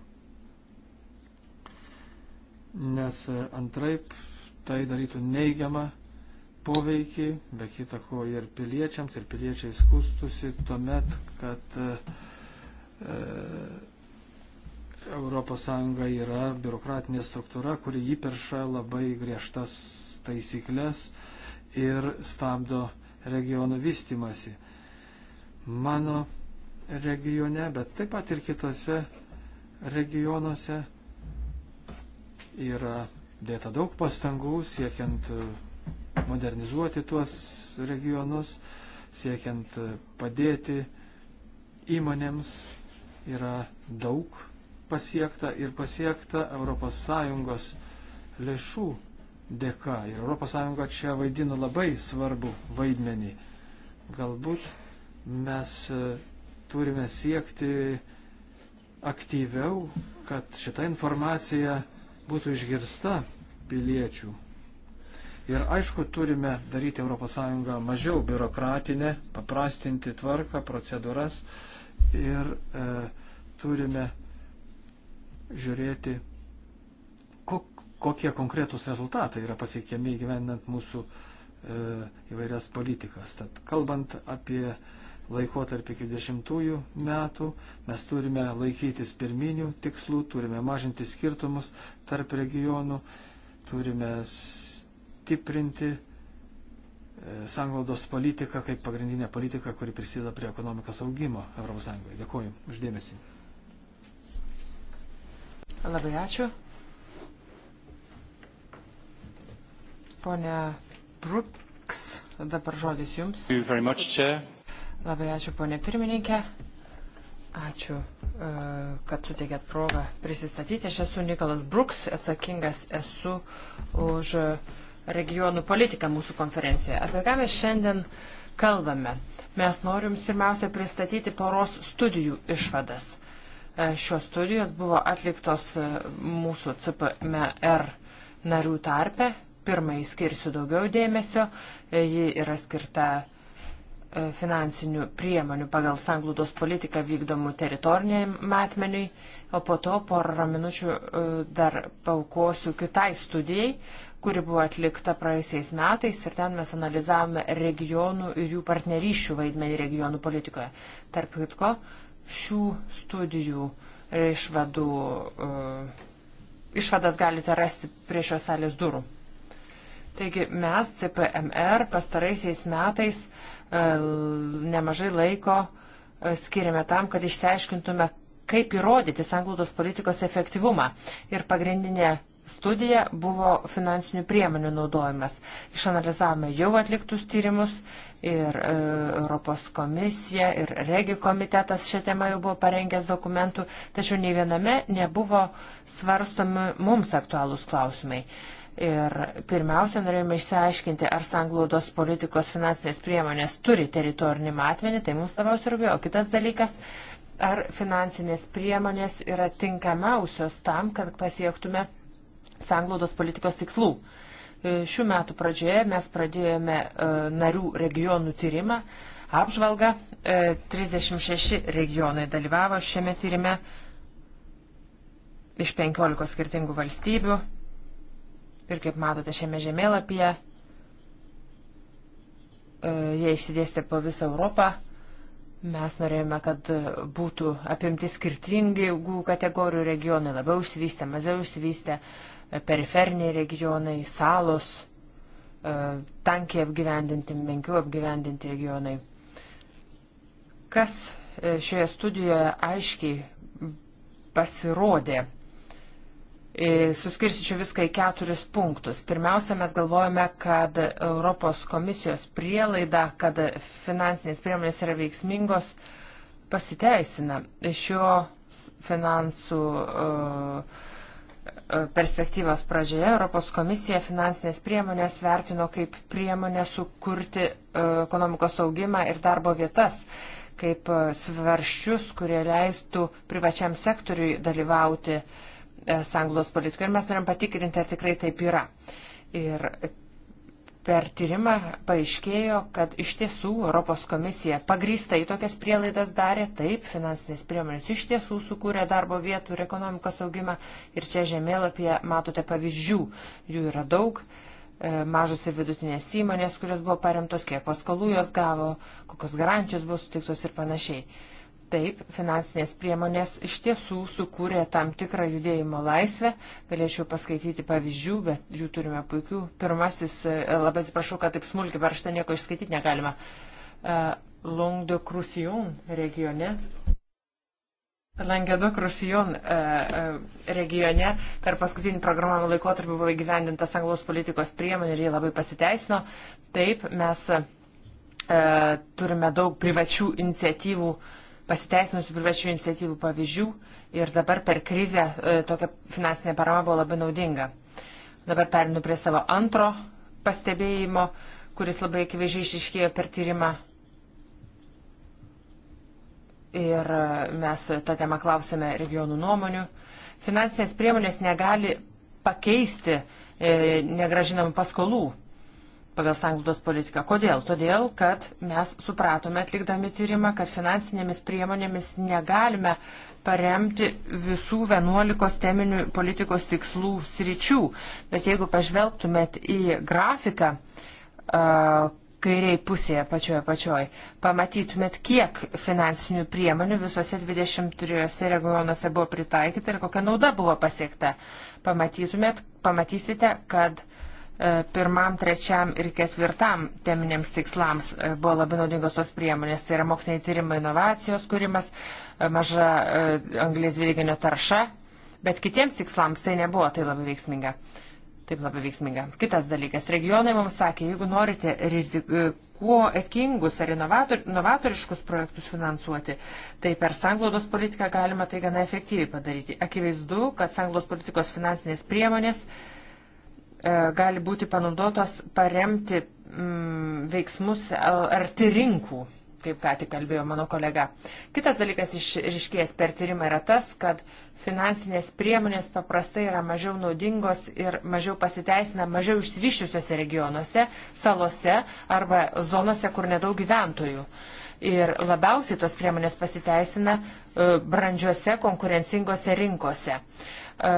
Nes e, antraip tai darytų neigiamą poveikį, be kita ko ir piliečiams, ir piliečiai skustusi tuomet, kad uh, ES yra biurokratinė struktūra, kuri įperša labai griežtas taisyklės ir stabdo regionų vystimasi. Mano regione, bet taip pat ir kitose regionuose yra dėta daug pastangų siekiant modernizuoti tuos regionus, siekiant padėti įmonėms yra daug pasiekta ir pasiekta ES lėšų dėka. Ir ES čia vaidina labai svarbu vaidmenį. Galbūt mes e, turime siekti aktyviau, kad šita informacija būtų išgirsta piliečių. Ir aišku, turime daryti ES mažiau biurokratinę, paprastinti tvarką, procedūras, uh, ir e, turime žiūrėti, kok, kokie konkretūs rezultatai yra pasiekiami įgyvendinant mūsų e, įvairias politikas. Tad kalbant apie laikotarpį iki dešimtųjų metų, mes turime laikytis pirminių tikslų, turime mažinti skirtumus tarp regionų, turime stiprinti sanglaudos politiką kaip pagrindinę politiką, kuri prisideda prie ekonomikos augimo ES. Dėkuoju uždėmesį. Labai ačiū. Pone Bruks, dabar žodis jums. Much, Labai ačiū, ponė pirmininkė. Ačiū, e, kad suteikėt progą prisistatyti. Aš esu Nikolas Bruks, atsakingas esu už uh, regionų politiką mūsų konferencijoje. Apie ką mes šiandien kalbame? Mes norim jums pirmiausia pristatyti poros studijų išvadas. E, šios studijos buvo atliktos e, mūsų CPMR narių tarpe. Pirmai skirsiu daugiau dėmesio. E, ji yra skirta finansinių priemonių pagal sanglūdos politiką vykdomų teritoriniai matmeniai, o po to porą minučių dar paukosiu kitai studijai, kuri buvo atlikta praėjusiais metais ir ten mes analizavome regionų ir jų partnerysčių vaidmenį regionų politikoje. Tarp kitko, šių studijų išvadų, e, išvadas galite rasti prie šios salės durų. Taigi mes CPMR pastaraisiais metais e, nemažai laiko e, skiriame tam, kad išsiaiškintume, kaip įrodyti sanglaudos politikos efektyvumą. Ir pagrindinė studija buvo finansinių priemonių naudojimas. Išanalizavome jau atliktus tyrimus ir e, Europos komisija ir regi komitetas šią temą jau buvo parengęs dokumentų, tačiau nei viename nebuvo svarstomi mums aktualūs klausimai. Ir pirmiausia, norėjome išsiaiškinti, ar sanglaudos politikos finansinės priemonės turi teritorinį matmenį, tai mums labiausiai rūpėjo. O kitas dalykas, ar finansinės priemonės yra tinkamiausios tam, kad pasiektume sanglaudos politikos tikslų. E, šių metų pradžioje mes pradėjome e, narių regionų tyrimą, apžvalgą. 36 e, regionai dalyvavo šiame tyrime iš 15 skirtingų valstybių. Ir kaip matote šiame žemėlapyje, jie išsidėstė po visą Europą. Mes norėjome, kad būtų apimti skirtingi kategorijų regionai, labiau išsivystę, mažiau išsivystę, periferiniai regionai, salos, e, tankiai apgyvendinti, menkiau apgyvendinti regionai. Kas e, šioje studijoje aiškiai pasirodė? E, Suskirsičiau viską į keturis punktus. Pirmiausia, mes galvojame, kad Europos komisijos prielaida, kad finansinės priemonės yra veiksmingos, pasiteisina. Šio finansų uh, E, perspektyvos pradžioje Europos komisija finansinės priemonės vertino kaip priemonę sukurti e, ekonomikos augimą ir darbo vietas, kaip e, svarščius, kurie leistų privačiam sektoriui dalyvauti sanglos politikoje. Ir mes norim patikrinti, ar tikrai taip yra. Ir per tyrimą paaiškėjo, kad iš tiesų Europos komisija pagrįstai tokias prielaidas darė, taip, finansinės priemonės iš tiesų sukūrė darbo vietų ir ekonomikos augimą. Ir čia žemėlapyje matote pavyzdžių, jų yra daug. E, mažos ir vidutinės įmonės, kurios buvo paremtos, kiek paskolų jos gavo, kokios garantijos buvo sutiktos ir panašiai. Taip, finansinės priemonės iš tiesų sukūrė tam tikrą judėjimo laisvę. Galėčiau paskaityti pavyzdžių, bet jų turime puikių. Pirmasis, e, labai atsiprašau, kad taip smulkiai varštą nieko išskaityti negalima. E, Long de Crucion regione. Langedok Rusijon e, regione per paskutinį programavimo laikotarpį buvo įgyvendintas anglos politikos priemonė ir jie labai pasiteisino. Taip, mes turime daug privačių iniciatyvų uh, pasiteisinusių privačių iniciatyvų pavyzdžių ir dabar per krizę e, tokia finansinė parama buvo labai naudinga. Dabar perinu prie savo antro pastebėjimo, kuris labai akivaizdžiai išiškėjo per tyrimą. Ir e, mes tą temą klausėme regionų nuomonių. Finansinės priemonės negali pakeisti e, negražinamų paskolų pagal sanglaudos politiką. Kodėl? Todėl, kad mes supratome atlikdami tyrimą, kad finansinėmis priemonėmis negalime paremti visų 11 teminių politikos tikslų sričių. Bet jeigu pažvelgtumėt į grafiką, kairiai pusėje pačioje pačioje, pamatytumėt, kiek finansinių priemonių visose 23 regionuose buvo pritaikyta ir kokia nauda buvo pasiekta. Pamatytumėt, pamatysite, kad uh, E, pirmam, trečiam ir ketvirtam teminiams tikslams e, buvo labai naudingos tos priemonės. Tai yra moksliniai tyrimai, inovacijos kūrimas, e, maža anglės dvideginio tarša, bet kitiems tikslams tai nebuvo tai labai veiksminga. Taip labai veiksminga. Kitas dalykas. Regionai mums sakė, jeigu norite rizikuokingus ar inovator, inovatoriškus projektus finansuoti, tai per sanglaudos politiką galima tai gana efektyviai padaryti. Akivaizdu, kad sanglaudos politikos finansinės priemonės uh, E, gali būti panaudotos paremti mm, veiksmus arti rinkų, kaip ką tik kalbėjo mano kolega. Kitas dalykas išriškėjęs per tyrimą yra tas, kad finansinės priemonės paprastai yra mažiau naudingos ir mažiau pasiteisina mažiau išsivyščiusiuose regionuose, salose arba zonose, kur nedaug gyventojų. Ir labiausiai tos priemonės pasiteisina e, brandžiose konkurencingose rinkose e,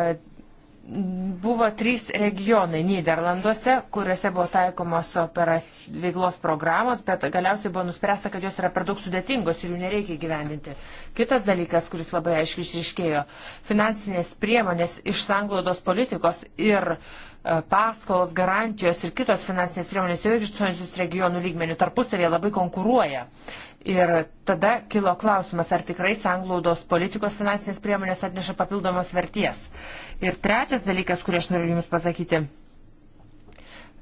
Buvo trys regionai Niderlanduose, kuriuose buvo taikomos opera, veiklos programos, bet galiausiai buvo nuspręsta, kad jos yra per daug sudėtingos ir jų nereikia gyvendinti. Kitas dalykas, kuris labai aiškiai išriškėjo - finansinės priemonės iš sanglaudos politikos ir e, paskolos, garantijos ir kitos finansinės priemonės jau egzistuojančius regionų lygmenių tarpusavėje labai konkuruoja. Ir tada kilo klausimas, ar tikrai sanglaudos politikos finansinės priemonės atneša papildomos verties. Ir trečias dalykas, kurį aš noriu Jums pasakyti.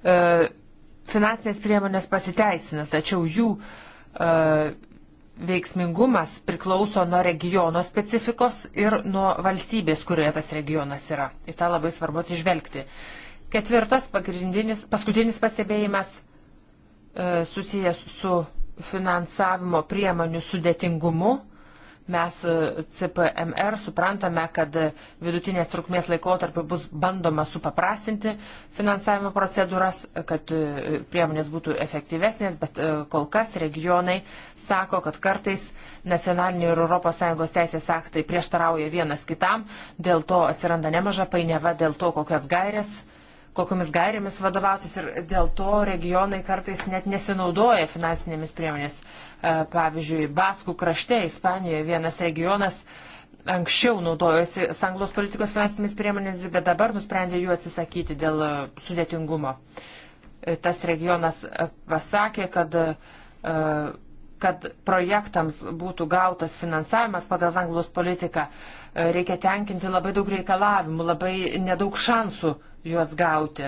E, finansinės priemonės pasiteisina, tačiau jų e, veiksmingumas priklauso nuo regiono specifikos ir nuo valstybės, kurioje tas regionas yra. Į tą labai svarbu atsižvelgti. Ketvirtas, paskutinis pastebėjimas e, susijęs su finansavimo priemonių sudėtingumu. Mes e, CPMR suprantame, kad vidutinės trukmės laikotarpiu bus bandoma supaprastinti finansavimo procedūras, kad e, priemonės būtų efektyvesnės, bet e, kol kas regionai sako, kad kartais nacionalinių ir ES teisės aktai prieštarauja vienas kitam, dėl to atsiranda nemaža painiava, dėl to kokias gairias kokiamis gairėmis vadovautis ir dėl to regionai kartais net nesinaudoja finansinėmis priemonės. E, pavyzdžiui, Baskų krašte, Ispanijoje vienas regionas anksčiau naudojosi sanglos politikos finansinėmis priemonėmis, bet dabar nusprendė jų atsisakyti dėl e, sudėtingumo. E, tas regionas pasakė, kad kad projektams būtų gautas finansavimas pagal Anglos politiką, reikia tenkinti labai daug reikalavimų, labai nedaug šansų juos gauti.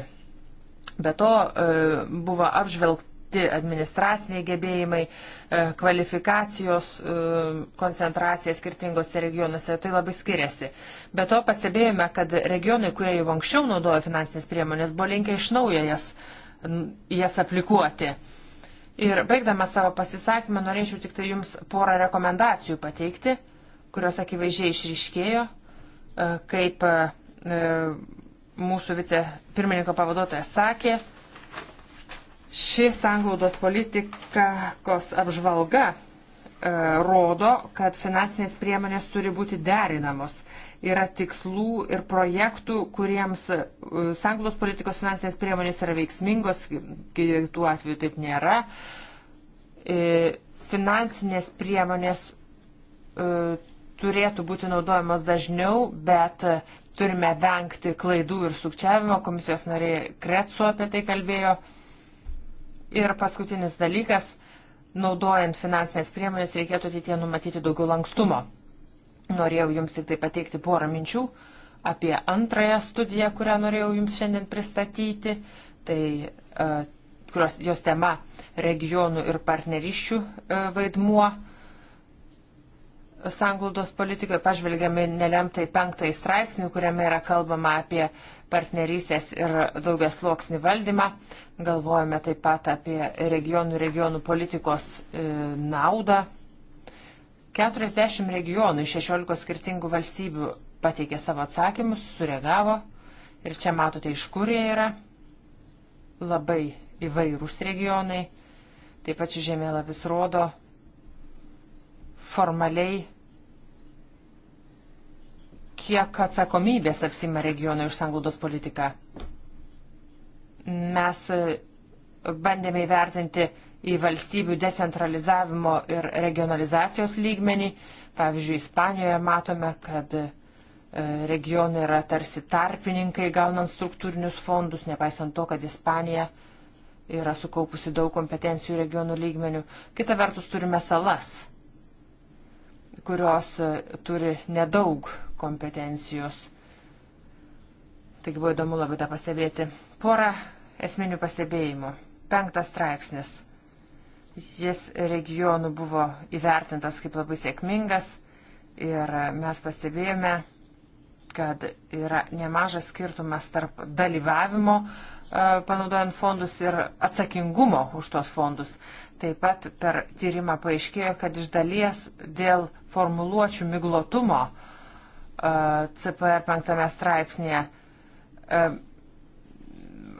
Be to e, buvo apžvelgti administraciniai gebėjimai, e, kvalifikacijos e, koncentracija skirtingose regionuose, tai labai skiriasi. Be to pastebėjome, kad regionai, kurie jau anksčiau naudojo finansinės priemonės, buvo linkę iš naujo jas, jas aplikuoti. Ir baigdama savo pasisakymą, norėčiau tik tai jums porą rekomendacijų pateikti, kurios akivaizdžiai išryškėjo, kaip mūsų vice pirmininko pavaduotojas sakė, ši sanglaudos politikos apžvalga e, rodo, kad finansinės priemonės turi būti derinamos. Yra tikslų ir projektų, kuriems e, sanglaudos politikos finansinės priemonės yra veiksmingos, kitų atveju taip nėra. E, finansinės priemonės e, turėtų būti naudojamos dažniau, bet Turime vengti klaidų ir sukčiavimo, komisijos narė Kretsu apie tai kalbėjo. Ir paskutinis dalykas, naudojant finansinės priemonės reikėtų ateitie numatyti daugiau lankstumo. Norėjau jums tik tai pateikti porą minčių apie antrąją studiją, kurią norėjau jums šiandien pristatyti. Tai uh, kurios, jos tema regionų ir partneriščių e, vaidmuo sanglaudos politikoje pažvelgiame nelemtai penktąjį straipsnį, kuriame yra kalbama apie partnerysės ir daugias loksnį valdymą. Galvojame taip pat apie regionų regionų politikos e, naudą. 40 regionų iš 16 skirtingų valstybių pateikė savo atsakymus, sureagavo ir čia matote, iš kur jie yra. Labai įvairūs regionai. Taip pat šis žemėlapis rodo, formaliai, kiek atsakomybės apsima regionai už sanglaudos politiką. Mes e, bandėme įvertinti į valstybių decentralizavimo ir regionalizacijos lygmenį. Pavyzdžiui, Ispanijoje matome, kad e, regionai yra tarsi tarpininkai gaunant struktūrinius fondus, nepaisant to, kad Ispanija yra sukaupusi daug kompetencijų regionų lygmenių. Kita vertus turime salas kurios e, turi nedaug kompetencijos. Taigi buvo įdomu labai tą pastebėti. Porą esminių pastebėjimų. Penktas straipsnis. Jis regionų buvo įvertintas kaip labai sėkmingas ir mes pastebėjome, kad yra nemažas skirtumas tarp dalyvavimo e, panaudojant fondus ir atsakingumo už tos fondus. Taip pat per tyrimą paaiškėjo, kad iš dalies dėl formuluočių miglotumo e, CPR penktame straipsnėje e,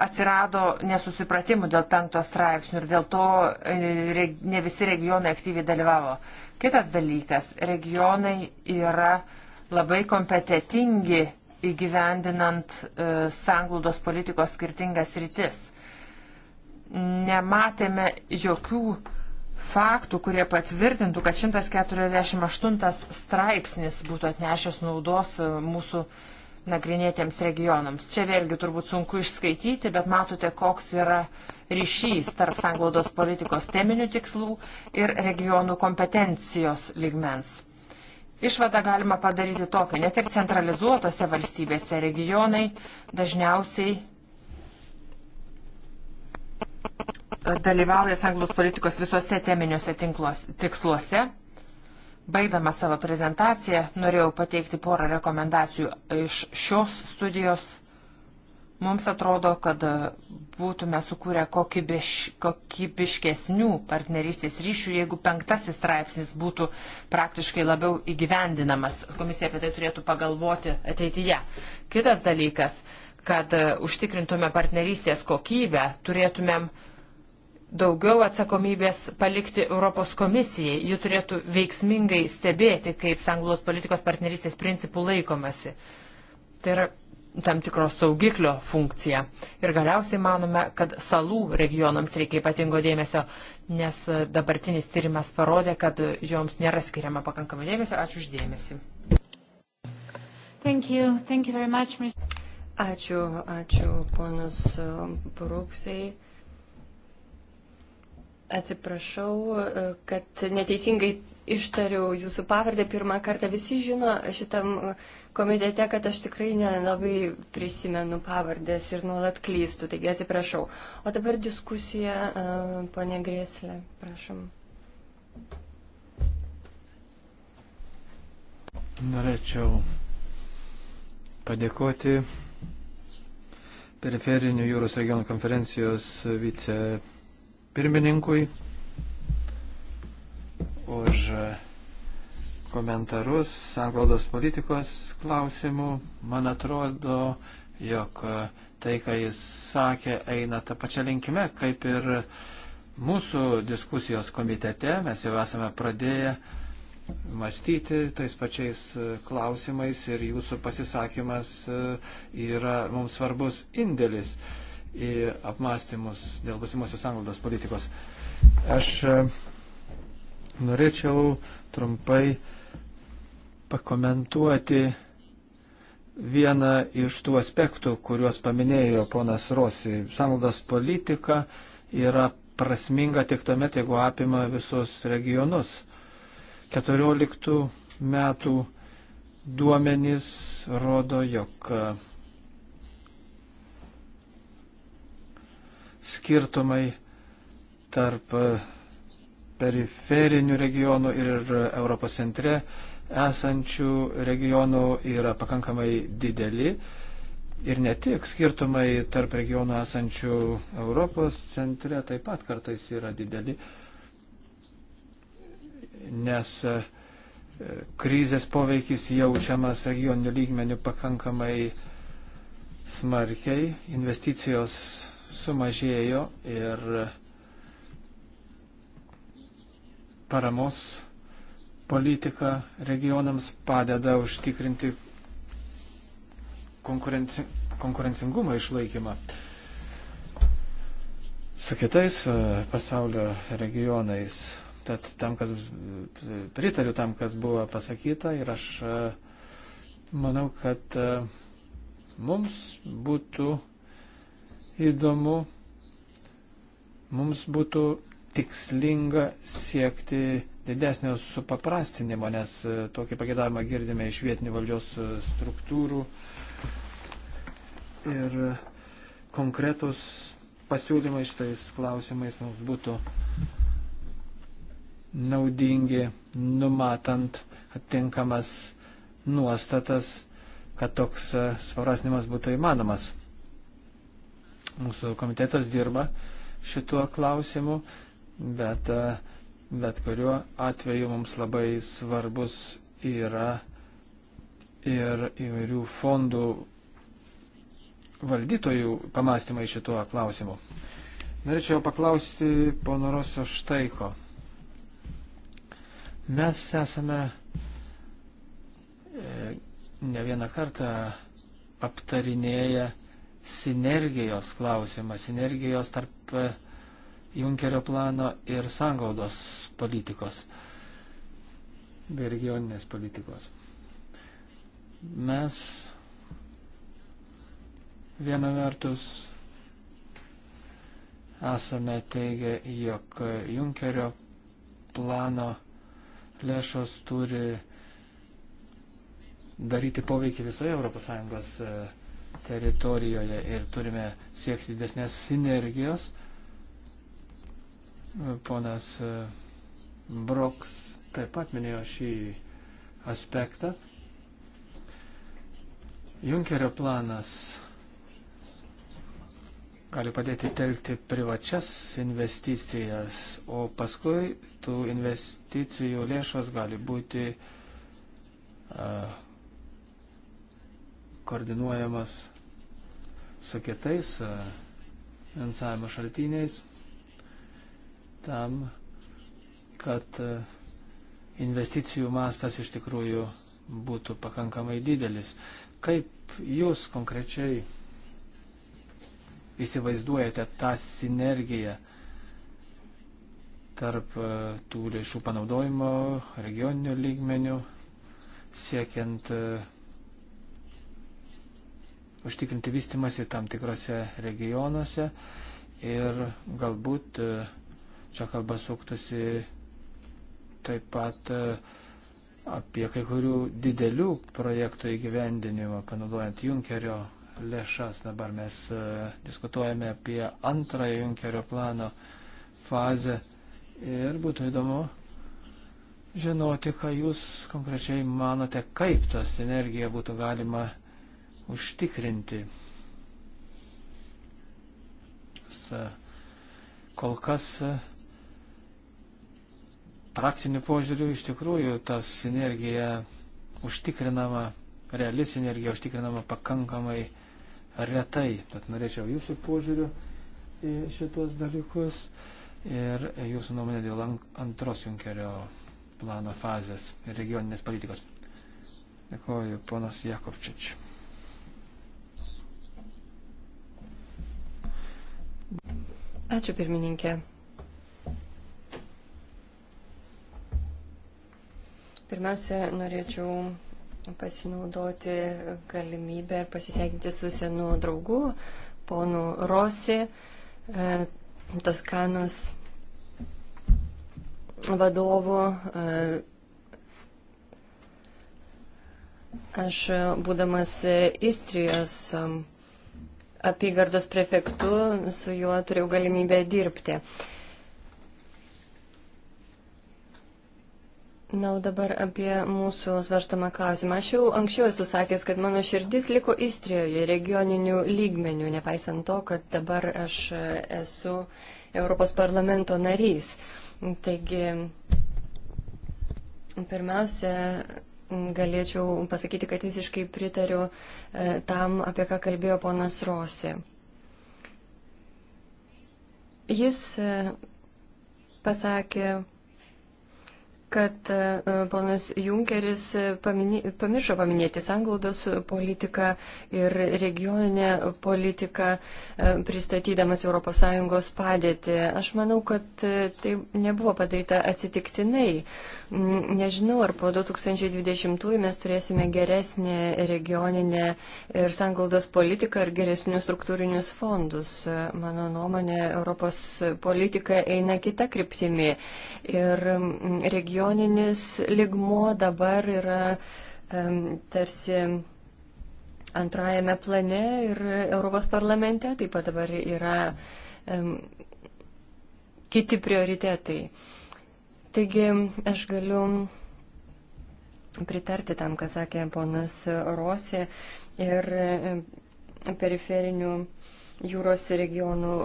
atsirado nesusipratimų dėl penkto straipsnių ir dėl to e, ne visi regionai aktyviai dalyvavo. Kitas dalykas, regionai yra labai kompetitingi įgyvendinant sanglaudos politikos skirtingas rytis nematėme jokių faktų, kurie patvirtintų, kad 148 straipsnis būtų atnešęs naudos e, mūsų nagrinėtiems regionams. Čia vėlgi turbūt sunku išskaityti, bet matote, koks yra ryšys tarp sanglaudos politikos teminių tikslų ir regionų kompetencijos ligmens. Išvadą galima padaryti tokią, net ir centralizuotose valstybėse regionai dažniausiai dalyvauja sanglos politikos visuose teminiuose tinklos, tiksluose. Baigdama savo prezentaciją, norėjau pateikti porą rekomendacijų iš šios studijos. Mums atrodo, kad būtume sukūrę kokybiš, kokybiškesnių partnerystės ryšių, jeigu penktasis straipsnis būtų praktiškai labiau įgyvendinamas. Komisija apie tai turėtų pagalvoti ateityje. Kitas dalykas, kad e, užtikrintume partnerystės kokybę, turėtumėm uh, daugiau atsakomybės palikti Europos komisijai. Ji turėtų veiksmingai stebėti, kaip sanglos politikos partnerystės principų laikomasi. Tai yra tam tikros saugiklio funkcija. Ir galiausiai manome, kad salų regionams reikia ypatingo dėmesio, nes dabartinis tyrimas parodė, kad joms nėra skiriama pakankamai dėmesio. Ačiū uždėmesi. Thank you. Thank you much, Ačiū, ačiū ponas um, Bruksai. Atsiprašau, e, kad neteisingai ištariau jūsų pavardę pirmą kartą. Visi žino šitam komitete, kad aš tikrai nelabai prisimenu pavardės ir nuolat klystu, taigi atsiprašau. O dabar diskusija, e, ponė Grėslė, prašom. Norėčiau padėkoti periferinių jūros regionų konferencijos vice pirmininkui už komentarus sanglaudos politikos klausimų. Man atrodo, jog tai, ką jis sakė, eina tą pačią linkime, kaip ir mūsų diskusijos komitete. Mes jau esame pradėję mąstyti tais pačiais klausimais ir jūsų pasisakymas yra mums svarbus indėlis į apmąstymus dėl busimosios anglodos politikos. Aš e, norėčiau trumpai pakomentuoti vieną iš tų aspektų, kuriuos paminėjo ponas Rosi. Sanglaudos politika yra prasminga tik tuomet, jeigu apima visus regionus. 14 metų duomenys rodo, jog skirtumai tarp e, periferinių regionų ir e, Europos centre esančių regionų yra pakankamai dideli. Ir ne tik skirtumai tarp regionų esančių Europos centre taip pat kartais yra dideli, nes e, krizės poveikis jaučiamas regioninių lygmenių pakankamai smarkiai, investicijos sumažėjo ir paramos politika regionams padeda užtikrinti konkurenci konkurencingumo išlaikymą. Su kitais e, pasaulio regionais Tad tam, kas pritariu tam, kas buvo pasakyta ir aš e, manau, kad e, mums būtų įdomu, mums būtų tikslinga siekti didesnio supaprastinimo, nes e, tokį pagėdavimą girdime iš vietinių valdžios e, struktūrų. Ir e, konkretus pasiūlymai šitais klausimais mums būtų naudingi, numatant atitinkamas nuostatas, kad toks svarasnimas būtų įmanomas. Mūsų komitetas dirba šituo klausimu, bet, e, bet kuriuo atveju mums labai svarbus yra ir įvairių fondų valdytojų pamastymai šituo klausimu. Norėčiau paklausti pono Rosio Štaiko. Mes esame e, ne vieną kartą aptarinėję sinergijos klausimą, sinergijos tarp e, Junkerio plano ir sanglaudos politikos bei regioninės politikos. Mes viena vertus esame teigę, jog Junkerio plano lėšos turi daryti poveikį visoje ES teritorijoje ir turime siekti didesnės sinergijos. Ponas e, Broks taip pat minėjo šį aspektą. Junkerio planas gali padėti telkti privačias investicijas, o paskui tų investicijų lėšos gali būti uh, koordinuojamas su kitais e, finansavimo šaltiniais tam, kad e, investicijų mastas iš tikrųjų būtų pakankamai didelis. Kaip jūs konkrečiai įsivaizduojate tą sinergiją tarp e, tų lėšų panaudojimo regioninių lygmenių, siekiant užtikrinti vystimasi tam tikrose regionuose ir galbūt e, čia kalba suktusi taip pat e, apie kai kurių didelių projektų įgyvendinimą, panaudojant Junkerio lėšas. Dabar mes e, diskutuojame apie antrąją Junkerio plano fazę ir būtų įdomu žinoti, ką jūs konkrečiai manote, kaip tą sinergiją būtų galima užtikrinti. Kol kas e, praktiniu požiūriu iš tikrųjų ta sinergija užtikrinama, reali sinergija užtikrinama pakankamai retai. Tad norėčiau jūsų požiūrių į šitos dalykus ir jūsų nuomonė dėl antros Junkerio plano fazės ir regioninės politikos. Dėkuoju, ponas Jakovčičius. Ačiū pirmininkė. Pirmiausia, norėčiau pasinaudoti galimybę ir pasiseikinti su senu draugu, ponu Rosi, e, Toskanos vadovu. E, aš, būdamas Istrijos apygardos prefektu, su juo turėjau galimybę dirbti. Na, o dabar apie mūsų svarstamą klausimą. Aš jau anksčiau esu sakęs, kad mano širdis liko Istrijoje regioninių lygmenių, nepaisant to, kad dabar aš esu Europos parlamento narys. Taigi, pirmiausia, galėčiau pasakyti, kad visiškai pritariu e, tam, apie ką kalbėjo ponas Rosi. Jis e, pasakė kad e, e, ponas Junkeris e, paminė, pamiršo paminėti sanglaudos politiką ir regioninę politiką, pristatydamas ES padėtį. Aš manau, kad tai nebuvo padaryta atsitiktinai. Mm, nežinau, ar po 2020 mes turėsime geresnį regioninę ir sanglaudos politiką ir geresnius struktūrinius fondus. Mano nuomonė, Europos politika eina kita kryptimi. Ir regioninė mm, regioninis ligmuo dabar yra um, tarsi antrajame plane ir Europos parlamente taip pat dabar yra um, kiti prioritetai. Taigi aš galiu pritarti tam, ką sakė ponas Rosi ir periferinių jūros regionų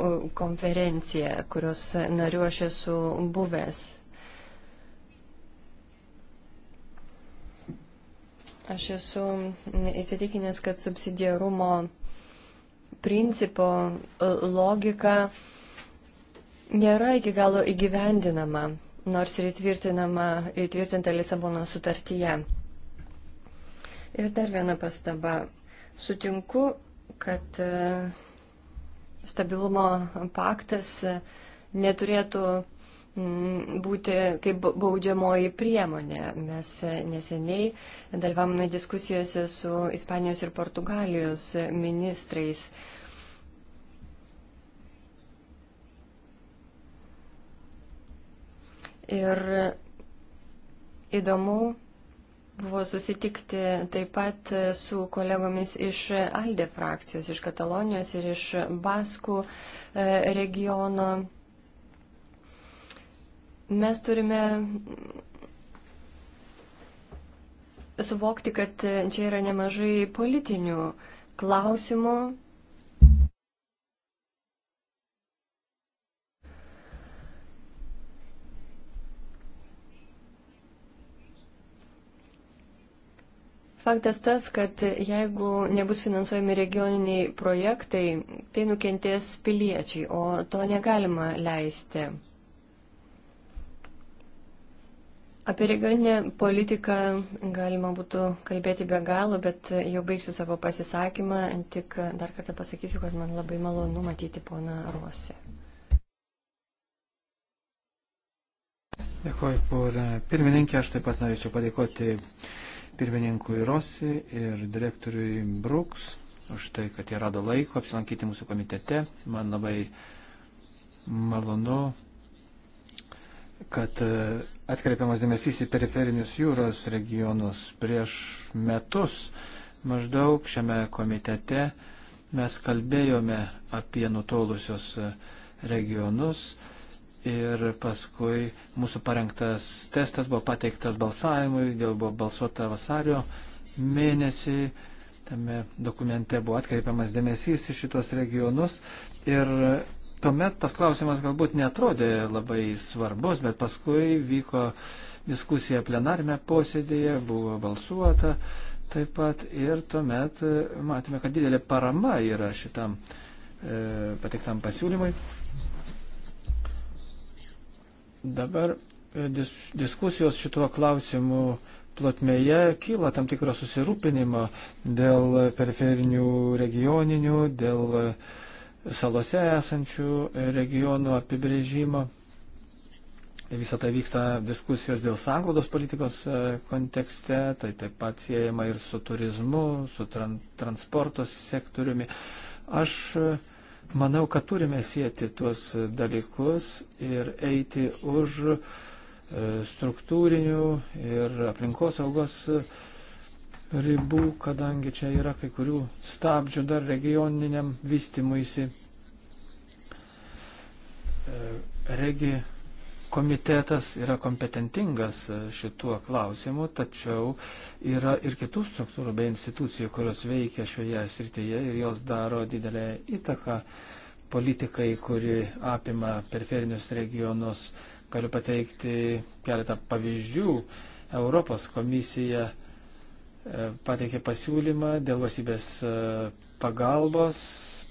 konferencija, kurios nariu aš esu buvęs Aš esu įsitikinęs, kad subsidiarumo principo e, logika nėra iki galo įgyvendinama, nors ir įtvirtinta Lisabono sutartyje. Ir dar viena pastaba. Sutinku, kad e, stabilumo paktas e, neturėtų Mm, būti kaip baudžiamoji priemonė. Mes e, neseniai dalyvavome diskusijose su Ispanijos ir Portugalijos ministrais. Ir įdomu buvo susitikti taip pat su kolegomis iš Alde frakcijos, iš Katalonijos ir iš Baskų e, regiono Mes turime suvokti, kad čia yra nemažai politinių klausimų. Faktas tas, kad jeigu nebus finansuojami regioniniai projektai, tai nukentės piliečiai, o to negalima leisti. Apie regioninę politiką galima būtų kalbėti be galo, bet jau baigsiu savo pasisakymą. Tik dar kartą pasakysiu, kad man labai malonu matyti poną Rosį. Dėkuoju, pūlė. Pirmininkė, aš taip pat norėčiau padėkoti pirmininkui Rosi ir direktoriui Brooks už tai, kad jie rado laiko apsilankyti mūsų komitete. Man labai malonu kad e, atkreipiamas dėmesys į periferinius jūros regionus. Prieš metus maždaug šiame komitete mes kalbėjome apie nutolusios e, regionus ir paskui mūsų parengtas testas buvo pateiktas balsavimui, dėl buvo balsuota vasario mėnesį. Tame dokumente buvo atkreipiamas dėmesys į šitos regionus ir tuomet tas klausimas galbūt netrodė labai svarbus, bet paskui vyko diskusija plenarme posėdėje, buvo balsuota taip pat ir tuomet e, matėme, kad didelė parama yra šitam e, patiktam pasiūlymui. Dabar e, dis, diskusijos šituo klausimu plotmėje kyla tam tikro susirūpinimo dėl periferinių regioninių, dėl e, salose esančių regionų apibrėžimo. Visą tai vyksta diskusijos dėl sanglaudos politikos e, kontekste, tai taip pat siejama ir su turizmu, su tran transporto sektoriumi. Aš e, manau, kad turime sieti tuos dalykus ir eiti už e, struktūrinių ir aplinkosaugos saugos ribų, kadangi čia yra kai kurių stabdžių dar regioniniam vystimuisi. E, regi komitetas yra kompetentingas e, šituo klausimu, tačiau yra ir kitų struktūrų bei institucijų, kurios veikia šioje srityje ir jos daro didelę įtaką politikai, kuri apima periferinius regionus. Galiu pateikti keletą pavyzdžių. Europos komisija E, pateikė pasiūlymą dėl valstybės e, pagalbos,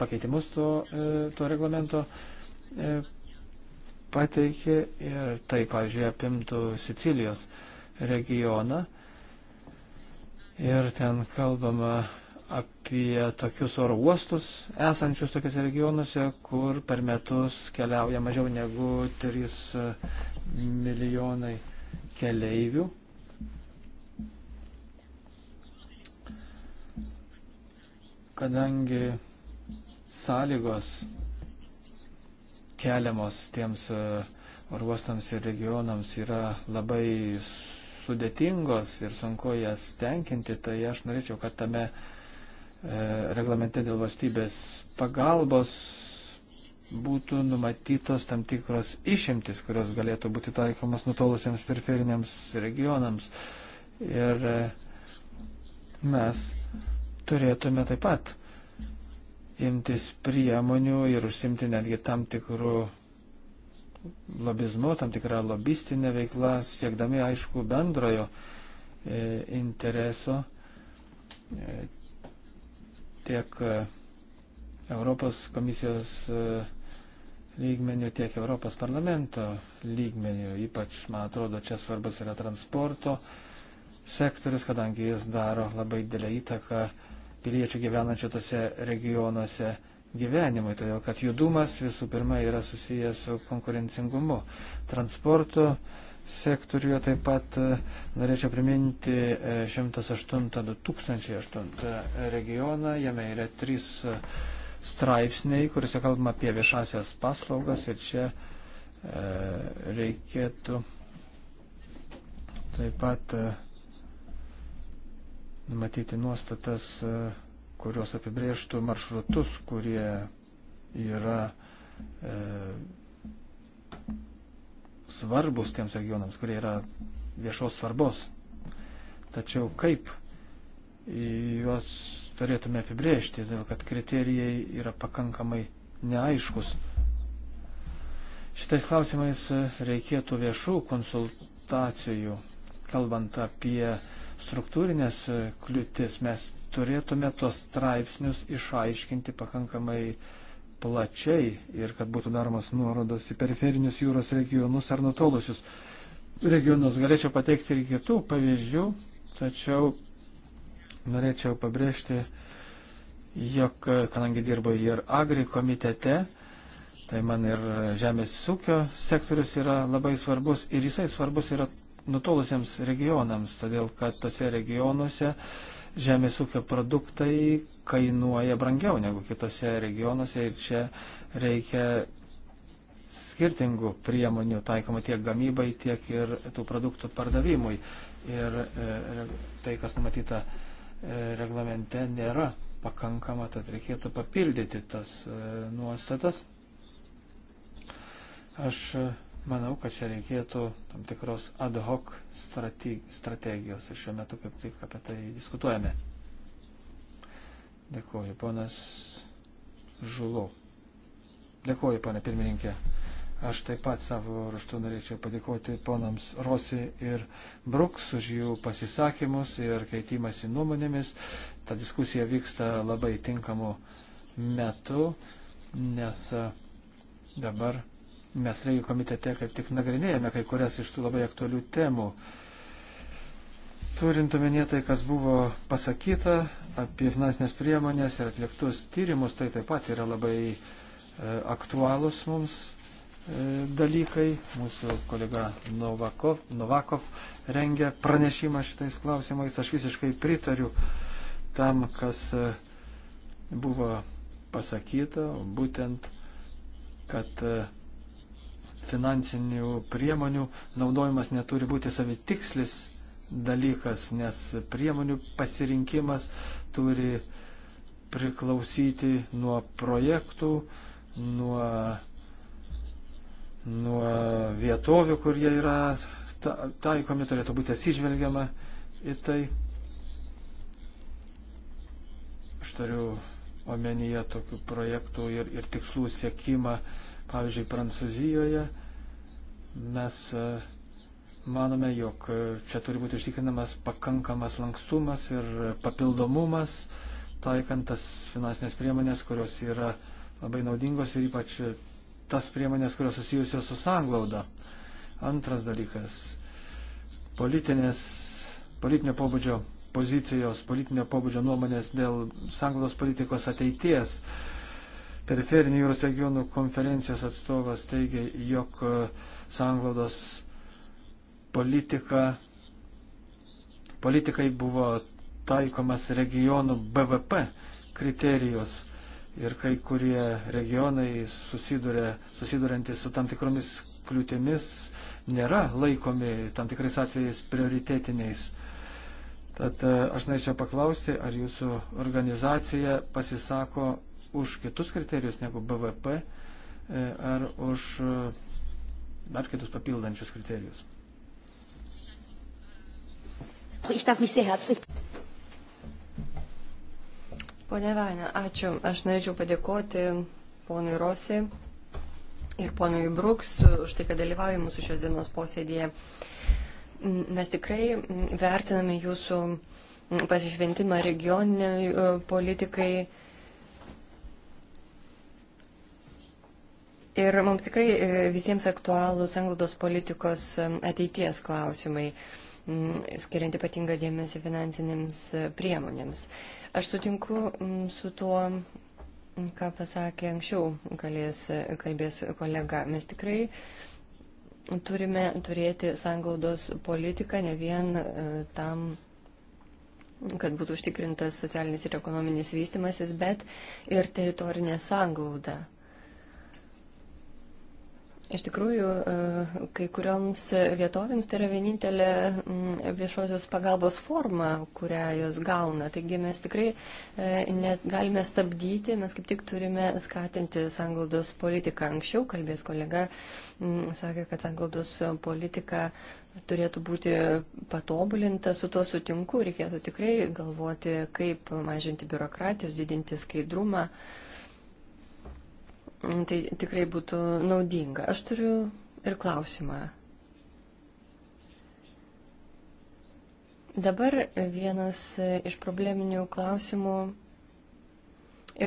pakeitimus to, e, to reglamento pateikė ir tai, pavyzdžiui, apimtų Sicilijos regioną. Ir ten kalbama apie tokius oro uostus esančius tokiuose regionuose, kur per metus keliauja mažiau negu 3 milijonai keleivių. kadangi sąlygos keliamos tiems e, oruostams ir regionams yra labai sudėtingos ir sunku jas tenkinti, tai aš norėčiau, kad tame e, reglamente dėl valstybės pagalbos būtų numatytos tam tikros išimtis, kurios galėtų būti taikomas nutolusiems periferiniams regionams. Ir e, mes turėtume taip pat imtis priemonių ir užsimti netgi tam tikrų lobizmu, tam tikrą lobistinę veiklą, siekdami aišku bendrojo e, intereso e, tiek e, Europos komisijos e, lygmenių, tiek Europos parlamento lygmenių. Ypač, man atrodo, čia svarbus yra transporto sektorius, kadangi jis daro labai didelę įtaką e, piliečių gyvenančių tose regionuose gyvenimui, todėl kad judumas visų pirma yra susijęs su konkurencingumu. Transporto sektoriuje taip pat e, norėčiau priminti 108-2008 e, regioną, jame yra trys e, straipsniai, kuriuose kalbama apie viešasias paslaugas ir čia e, reikėtų taip pat e, numatyti nuostatas, e, kurios apibrėžtų maršrutus, kurie yra e, svarbus tiems regionams, kurie yra viešos svarbos. Tačiau kaip juos turėtume apibrėžti, dėl kad kriterijai yra pakankamai neaiškus. Šitais klausimais reikėtų viešų konsultacijų, kalbant apie struktūrinės e, kliūtis, mes turėtume tos straipsnius išaiškinti pakankamai plačiai ir kad būtų daromas nuorodos į periferinius jūros regionus ar nutolusius regionus. Galėčiau pateikti ir kitų pavyzdžių, tačiau norėčiau pabrėžti, jog e, kadangi dirbu ir agri komitete, tai man ir e, žemės ūkio sektorius yra labai svarbus ir jisai svarbus yra nutolusiems regionams, todėl kad tose regionuose žemės ūkio produktai kainuoja brangiau negu kitose regionuose ir čia reikia skirtingų priemonių taikoma tiek gamybai, tiek ir tų produktų pardavimui. Ir e, tai, kas numatyta e, reglamente, nėra pakankama, tad reikėtų papildyti tas e, nuostatas. Aš e, Manau, kad čia reikėtų tam tikros ad hoc strategijos ir šiuo metu kaip tik apie tai diskutuojame. Dėkuoju, ponas Žulu. Dėkuoju, ponė pirmininkė. Aš taip pat savo ruštu norėčiau padėkoti ponams Rosi ir Bruks už jų pasisakymus ir keitimąsi nuomonėmis. Ta diskusija vyksta labai tinkamu metu, nes dabar Mes Reigų komitete kaip tik nagrinėjame kai kurias iš tų labai aktualių temų. Turint omenyje tai, kas buvo pasakyta apie finansinės priemonės ir atliktus tyrimus, tai taip pat yra labai e, aktualūs mums e, dalykai. Mūsų kolega Novakov, Novakov rengia pranešimą šitais klausimais. Aš visiškai pritariu tam, kas e, buvo pasakyta, būtent, kad e, finansinių priemonių naudojimas neturi būti savitikslis dalykas, nes priemonių pasirinkimas turi priklausyti nuo projektų, nuo, nuo vietovių, kur jie yra taikomi, turėtų būti atsižvelgiama į tai. Aš turiu omenyje tokių projektų ir, ir tikslų siekimą Pavyzdžiui, Prancūzijoje mes e, manome, jog e, čia turi būti užtikrinamas pakankamas lankstumas ir papildomumas, taikant tas finansinės priemonės, kurios yra labai naudingos ir ypač e, tas priemonės, kurios susijusios su sanglauda. Antras dalykas - politinės, politinio pobūdžio pozicijos, politinio pobūdžio nuomonės dėl sanglaudos politikos ateities. Uh, periferinių jūros regionų konferencijos atstovas teigia, jog e, sanglaudos politika, politikai buvo taikomas regionų BVP kriterijus ir kai kurie regionai susiduriantys su tam tikromis kliūtimis nėra laikomi tam tikrais atvejais prioritetiniais. Tad e, aš norėčiau paklausti, ar jūsų organizacija pasisako už kitus kriterijus negu BVP e, ar už e, dar kitus papildančius kriterijus. Pone Vanė, ačiū. Aš norėčiau padėkoti ponui Rosi ir ponui Bruks už tai, kad dalyvauja mūsų šios dienos posėdėje. Mes tikrai vertiname jūsų pasišventimą regioniniai e, politikai Ir mums tikrai e, visiems aktualūs anglodos politikos e, ateities klausimai, skiriant ypatingą dėmesį finansinėms e, priemonėms. Aš sutinku su tuo, ką pasakė anksčiau, galės kalbės kolega. Mes tikrai turime turėti sanglaudos politiką ne vien tam, kad būtų užtikrintas socialinis ir ekonominis vystimasis, bet ir teritorinė sanglauda. Iš tikrųjų, e, kai kurioms vietovėms tai yra vienintelė mm, viešosios pagalbos forma, kurią jos gauna. Taigi mes tikrai e, net galime stabdyti, mes kaip tik turime skatinti sanglaudos politiką. Anksčiau kalbės kolega mm, sakė, kad sanglaudos politika turėtų būti patobulinta, su tuo sutinku, reikėtų tikrai galvoti, kaip mažinti biurokratijos, didinti skaidrumą. Uh, Mm, tai tikrai būtų naudinga. Aš turiu ir klausimą. Dabar vienas iš probleminių klausimų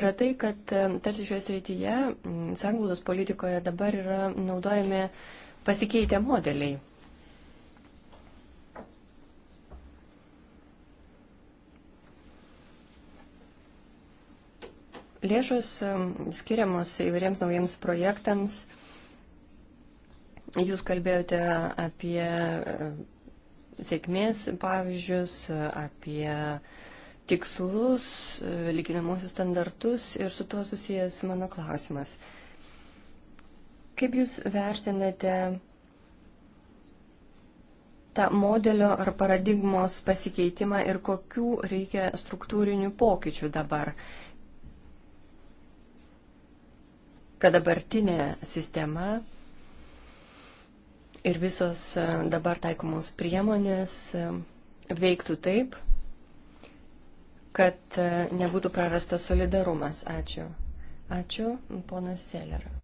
yra tai, kad e, tarsi šioje srityje mm, sanglaudos politikoje dabar yra naudojami pasikeitę modeliai. Lėšos skiriamos įvairiems naujiems projektams. Jūs kalbėjote apie e, sėkmės pavyzdžius, apie tikslus, e, lyginamosius standartus ir su tuo susijęs mano klausimas. Kaip Jūs vertinate tą modelio ar paradigmos pasikeitimą ir kokių reikia struktūrinių pokyčių dabar? kad dabartinė sistema ir visos e, dabar taikomos priemonės e, veiktų taip, kad e, nebūtų prarastas solidarumas. Ačiū. Ačiū, ponas Selera.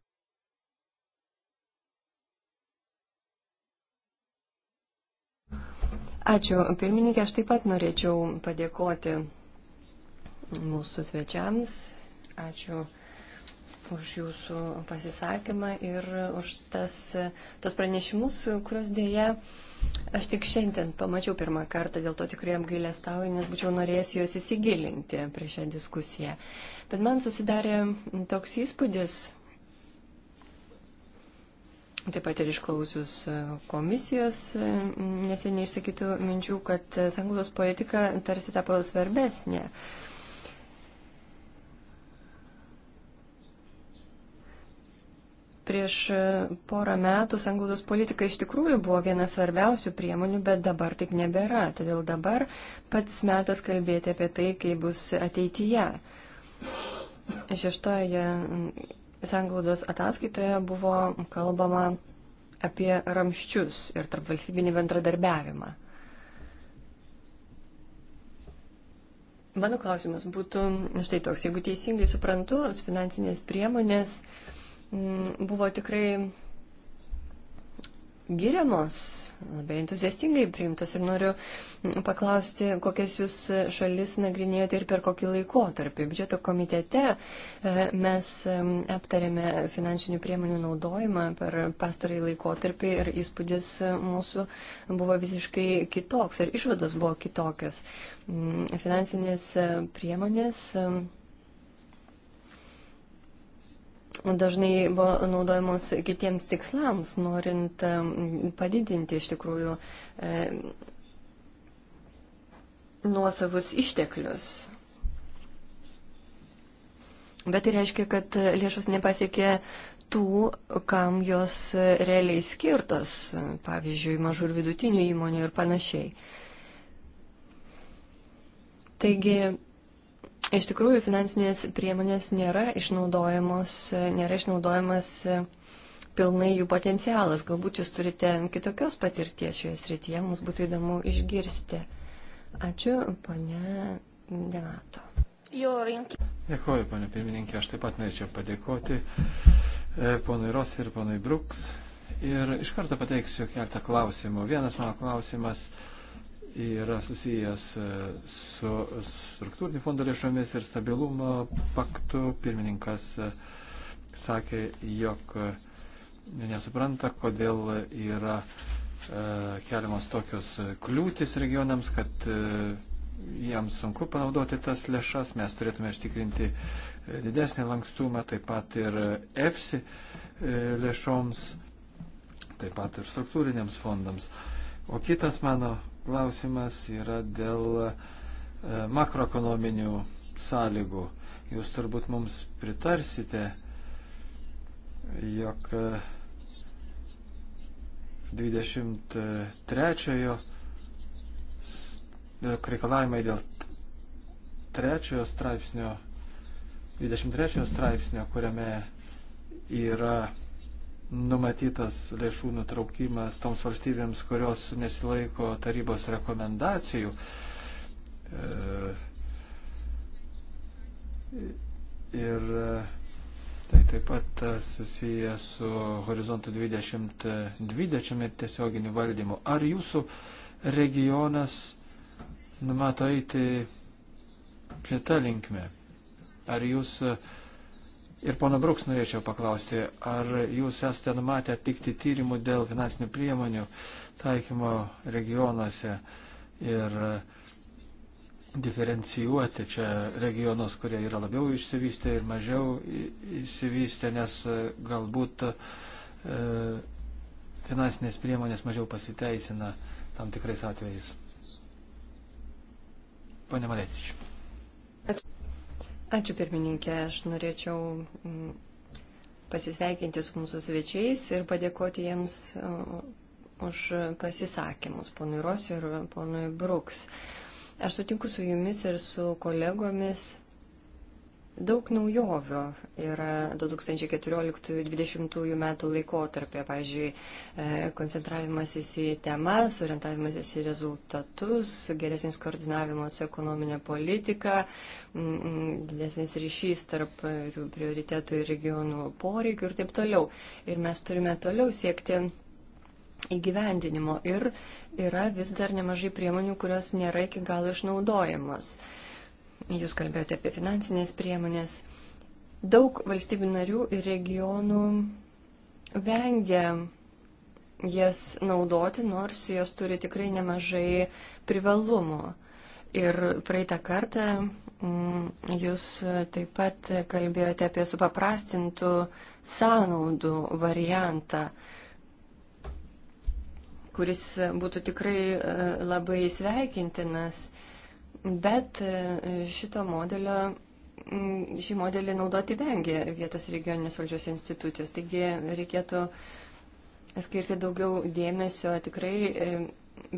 Ačiū, pirmininkė, aš taip pat norėčiau padėkoti mūsų svečiams. Ačiū už jūsų pasisakymą ir už tas, tos pranešimus, kuriuos dėja aš tik šiandien pamačiau pirmą kartą, dėl to tikrai apgailestauju, nes būčiau norėjęs juos įsigilinti prieš šią diskusiją. Bet man susidarė toks įspūdis, taip pat ir išklausius komisijos neseniai išsakytų minčių, kad sanglaudos politika tarsi tapo svarbesnė. Ne Prieš e, porą metų sanglaudos politika iš tikrųjų buvo viena svarbiausių priemonių, bet dabar taip nebėra. Todėl dabar pats metas kalbėti apie tai, kaip bus ateityje. Šeštoje sanglaudos ataskaitoje buvo kalbama apie ramščius ir tarpvalstybinį bendradarbiavimą. Mano klausimas būtų štai toks, jeigu teisingai suprantu, finansinės priemonės uh, Mm, buvo tikrai giriamos, labai entuziastingai priimtos ir noriu mm, paklausti, kokias jūs e, šalis nagrinėjote ir per kokį laikotarpį. Biudžeto komitete e, mes e, aptarėme finansinių priemonių naudojimą per pastarąjį laikotarpį ir įspūdis mūsų buvo visiškai kitoks ir išvados buvo kitokios. Mm, finansinės priemonės dažnai buvo naudojamos kitiems tikslams, norint mm, padidinti iš tikrųjų e, nuosavus išteklius. Bet tai reiškia, kad lėšos nepasiekė tų, kam jos realiai skirtos, pavyzdžiui, mažų ir vidutinių įmonių ir panašiai. Taigi Iš tikrųjų, finansinės priemonės nėra išnaudojamos, nėra išnaudojamas e, pilnai jų potencialas. Galbūt jūs turite kitokios patirties šioje srityje, mums būtų įdomu išgirsti. Ačiū, ponia Demato. Dėkuoju, ponia pirmininkė, aš taip pat norėčiau padėkoti e, ponui Ros ir ponui Bruks. Ir iš karto pateiksiu keletą klausimų. Vienas mano klausimas yra susijęs e, su struktūrinių fondų lėšomis ir stabilumo paktu. Pirmininkas e, sakė, jog nesupranta, kodėl yra e, keliamos tokios kliūtis regionams, kad jiems sunku panaudoti tas lėšas, mes turėtume ištikrinti didesnį lankstumą, taip pat ir EFSI lėšoms, taip pat ir struktūriniams fondams. O kitas mano klausimas yra dėl e, makroekonominių sąlygų. Jūs turbūt mums pritarsite, jog 23 e, reikalavimai dėl 3 straipsnio, 23 straipsnio, kuriame yra numatytas lėšų nutraukimas toms valstybėms, kurios nesilaiko tarybos rekomendacijų. E, ir e, tai taip pat e, susiję su horizontu 2020 ir tiesioginiu valdymu. Ar jūsų regionas numato eiti šitą linkmę? Ar jūs uh, Ir pono Bruks norėčiau paklausti, ar jūs esate numatę atlikti tyrimų dėl finansinių priemonių taikymo regionuose ir diferencijuoti čia regionus, kurie yra labiau išsivystę ir mažiau išsivystę, nes e, galbūt e, finansinės priemonės mažiau pasiteisina tam tikrais atvejais. Pone Maletičiu. Ačiū pirmininkė, aš norėčiau mm, pasisveikinti su mūsų svečiais ir padėkoti jiems mm, už pasisakymus, ponui Rosiu ir ponui Bruks. Aš sutinku su jumis ir su kolegomis Daug naujovių yra 2014-2020 metų laikotarpė, pavyzdžiui, e, koncentravimasis į temas, orientavimasis į rezultatus, geresnis koordinavimas su ekonominė politika, didesnis ryšys tarp prioritetų ir regionų poreikių ir taip toliau. Ir mes turime toliau siekti įgyvendinimo ir yra vis dar nemažai priemonių, kurios nėra iki galo išnaudojamos. Uh, Jūs kalbėjote apie finansinės priemonės. Daug valstybių narių ir regionų vengia jas naudoti, nors jos turi tikrai nemažai privalumų. Ir praeitą kartą mm, jūs taip pat kalbėjote apie supaprastintų sąnaudų variantą kuris būtų tikrai e, labai sveikintinas Bet e, šito modelio, šį modelį naudoti vengia vietos regioninės valdžios institucijos. Taigi reikėtų skirti daugiau dėmesio tikrai e,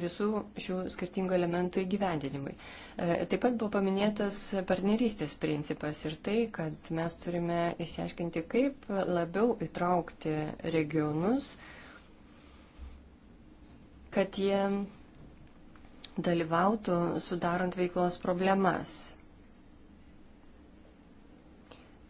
visų šių skirtingų elementų įgyvendinimui. E, taip pat buvo paminėtas partnerystės principas ir tai, kad mes turime išsiaiškinti, kaip labiau įtraukti regionus, kad jie dalyvautų sudarant veiklos problemas.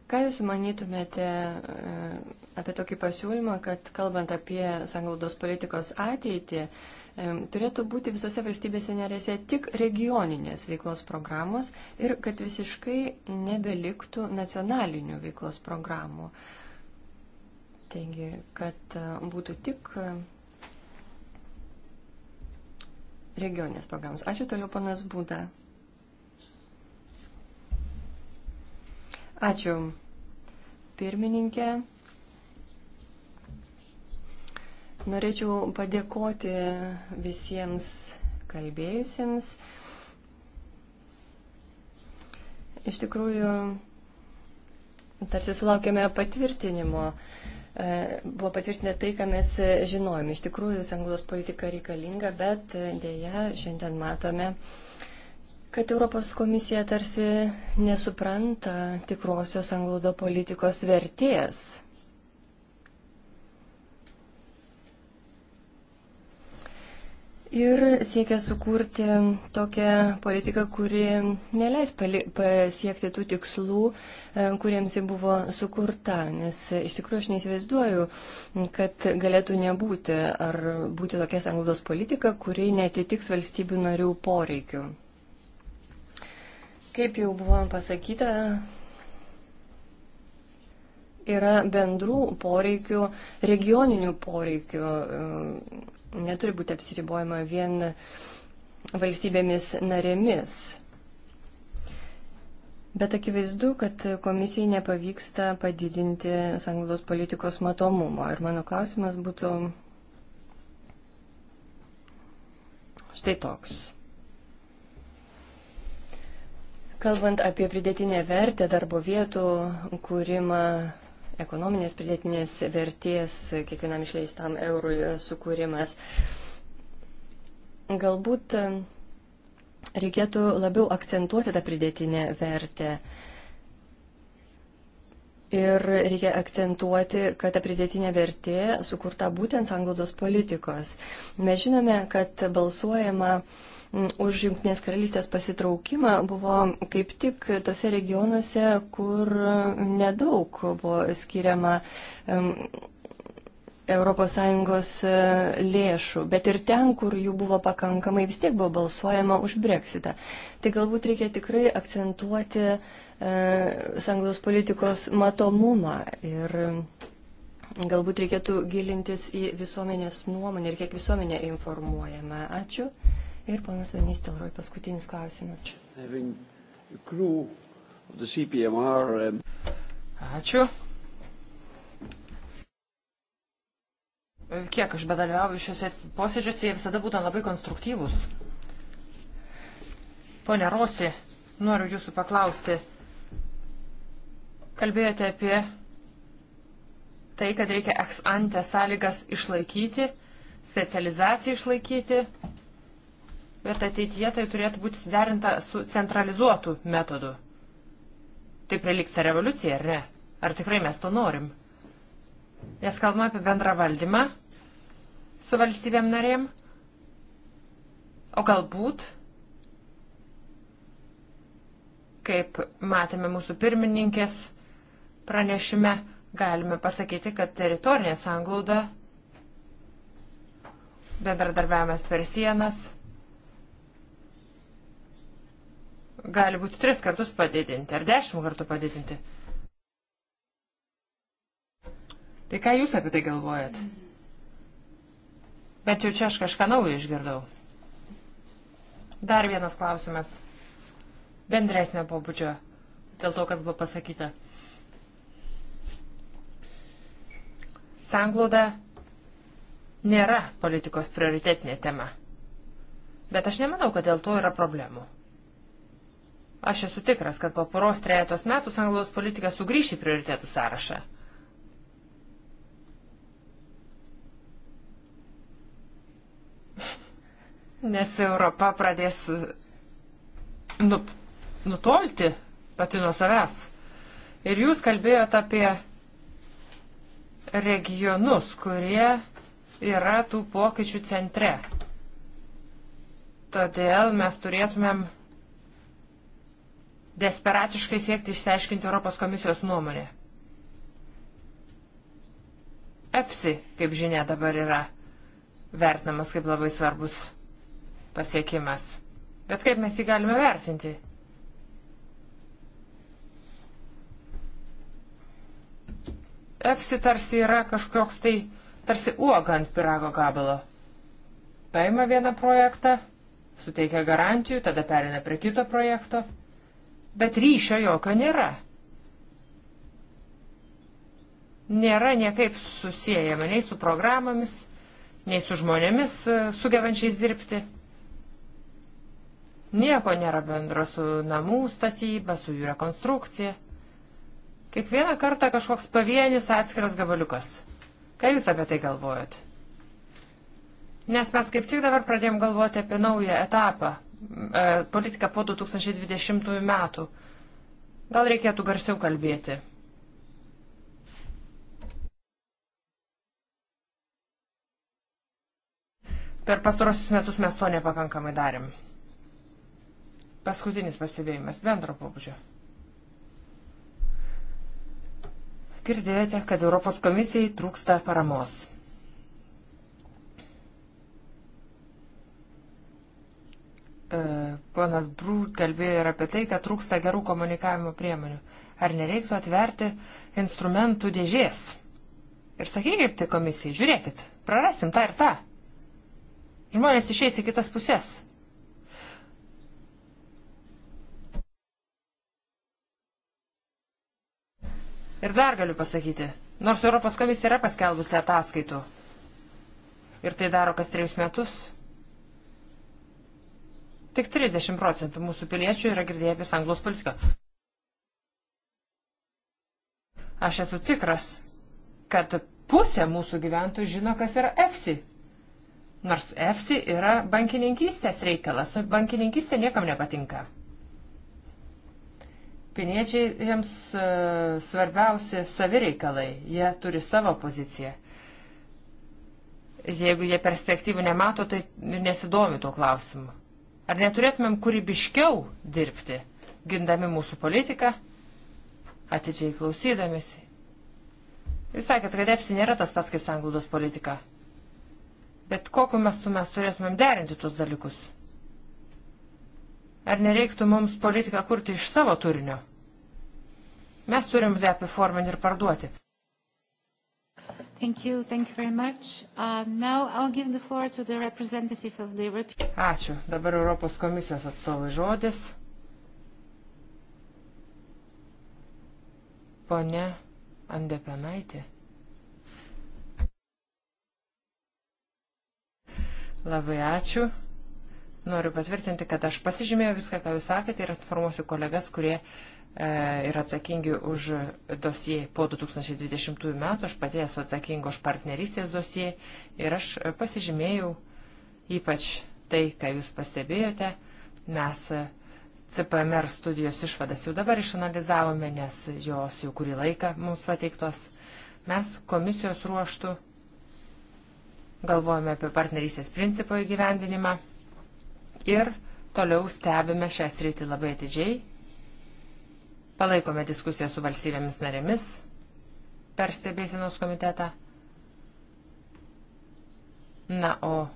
Ką Jūs manytumėte e, apie tokį pasiūlymą, kad kalbant apie sanglaudos politikos ateitį, e, turėtų būti visose valstybėse nerėse tik regioninės veiklos programos ir kad visiškai nebeliktų nacionalinių veiklos programų. Taigi, kad e, būtų tik regioninės programos. Ačiū toliau, panas Būda. Ačiū, pirmininkė. Norėčiau padėkoti visiems kalbėjusiems. Iš tikrųjų, tarsi sulaukėme patvirtinimo E, buvo patvirtinę tai, ką mes žinojom. Iš tikrųjų, sanglos politika reikalinga, bet e, dėja šiandien matome, kad Europos komisija tarsi nesupranta tikrosios anglodo politikos vertės. Ir siekia sukurti tokią politiką, kuri neleis pasiekti tų tikslų, e, kuriems ji buvo sukurta. Nes iš tikrųjų aš neįsivaizduoju, kad galėtų nebūti ar būti tokia sanglaudos politika, kuri netitiks valstybių narių poreikių. Kaip jau buvo pasakyta, yra bendrų poreikių, regioninių poreikių e, neturi būti apsiribojama vien valstybėmis narėmis. Bet akivaizdu, kad komisijai nepavyksta padidinti sanglaudos politikos matomumo. Ir mano klausimas būtų štai toks. Kalbant apie pridėtinę vertę darbo vietų kūrimą ekonominės pridėtinės vertės kiekvienam išleistam eurui sukūrimas. Galbūt e, reikėtų labiau akcentuoti tą pridėtinę vertę. Ir reikia akcentuoti, kad ta pridėtinė vertė sukurta būtent sanglaudos politikos. Mes žinome, kad balsuojama uh, už Junktinės karalystės pasitraukimą buvo kaip tik tose regionuose, kur nedaug buvo skiriama ES e, lėšų, bet ir ten, kur jų buvo pakankamai, vis tiek buvo balsuojama už breksitą. Tai galbūt reikia tikrai akcentuoti e, sanglos politikos matomumą ir galbūt reikėtų gilintis į visuomenės nuomonę ir kiek visuomenė informuojame. Ačiū. Ir panas Vanys Telroj, paskutinis klausimas. Um, Ačiū. Kiek aš bedalyvauju šiuose posėdžiuose, jie visada būtent labai konstruktyvus. Pone Rosi, noriu jūsų paklausti. Kalbėjote apie tai, kad reikia ex ante sąlygas išlaikyti, specializaciją išlaikyti, bet ateityje tai turėtų būti suderinta su centralizuotu metodu. Tai priliksta revoliucija, ar ne? Ar tikrai mes to norim? Nes kalbame apie bendrą valdymą su valstybėm narėm, o galbūt, kaip matėme mūsų pirmininkės pranešime, galime pasakyti, kad teritorinė sanglauda, bendradarbiavimas per sienas, gali būti tris kartus padidinti ar dešimt kartų padidinti. Tai ką jūs apie tai galvojat? Bet jau čia aš kažką naujo išgirdau. Dar vienas klausimas. Bendresnio pobūdžio. Dėl to, kas buvo pasakyta. Sanglauda nėra politikos prioritetinė tema. Bet aš nemanau, kad dėl to yra problemų. Aš esu tikras, kad po poros trejetos metų sanglaus politika sugrįš į prioritėtų sąrašą. Nes Europa pradės nu, nutolti pati nuo savęs. Ir jūs kalbėjote apie regionus, kurie yra tų pokyčių centre. Todėl mes turėtumėm desperatiškai siekti išsiaiškinti Europos komisijos nuomonę. EFSI, kaip žinia, dabar yra vertinamas kaip labai svarbus pasiekimas. Bet kaip mes jį galime vertinti? EFSI tarsi yra kažkoks tai, tarsi uoga ant pirago gabalo. Paima vieną projektą, suteikia garantijų, tada perina prie kito projekto bet ryšio jokio nėra. Nėra niekaip susijęjama nei su programomis, nei su žmonėmis e, sugebančiais dirbti. Nieko nėra bendro su namų statyba, su jų rekonstrukcija. Kiekvieną kartą kažkoks pavienis atskiras gabaliukas. Ką Jūs apie tai galvojat? Nes mes kaip tik dabar pradėjom galvoti apie naują etapą E, politiką po 2020 metų. Gal reikėtų garsiau kalbėti. Per pastarosius metus mes to nepakankamai darėm. Paskutinis pasibėjimas bendro pobūdžio. Girdėjote, kad Europos komisijai trūksta paramos. E, ponas Brūr kalbėjo ir apie tai, kad trūksta gerų komunikavimo priemonių. Ar nereiktų atverti instrumentų dėžės? Ir sakykit tai komisijai, žiūrėkit, prarasim tą ir tą. Žmonės išeis į kitas pusės. Ir dar galiu pasakyti, nors Europos komisija yra paskelbusi ataskaitų, ir tai daro kas trejus metus, Tik 30 procentų mūsų piliečių yra girdėję apie sanglos politiką. Aš esu tikras, kad pusė mūsų gyventojų žino, kas yra EFSI. Nors EFSI yra bankininkystės reikalas, o bankininkystė niekam nepatinka. Piniečiai jiems uh, svarbiausi savireikalai, jie turi savo poziciją. Jeigu jie perspektyvų nemato, tai nesidomi tuo klausimu. Ar neturėtumėm kūrybiškiau dirbti, gindami mūsų politiką, atidžiai klausydamėsi? Jūs sakėt, kad EFSI nėra tas pats kaip sanglaudos politika. Bet kokiu mestu mes turėtumėm derinti tuos dalykus? Ar nereiktų mums politiką kurti iš savo turinio? Mes turim ją apiforminti ir parduoti. Thank you. Thank you very much. Uh, now I'll give the floor to the representative of the European. Ačiū. Dabar Europos komisijos atstovai žodis. Pone Andepenaitė. Labai ačiū. Noriu patvirtinti, kad aš pasižymėjau viską, ką jūs sakėte ir informuosiu kolegas, kurie uh, yra e, atsakingi už dosie po 2020 metų, aš pati esu atsakinga už partnerystės dosie ir aš pasižymėjau ypač tai, ką jūs pastebėjote, mes CPMR studijos išvadas jau dabar išanalizavome, nes jos jau kurį laiką mums pateiktos. Mes komisijos ruoštų galvojame apie partnerysės principo įgyvendinimą ir toliau stebime šią sritį labai atidžiai Palaikome diskusiją su valstybėmis narėmis per stebėsienos komitetą. Na, o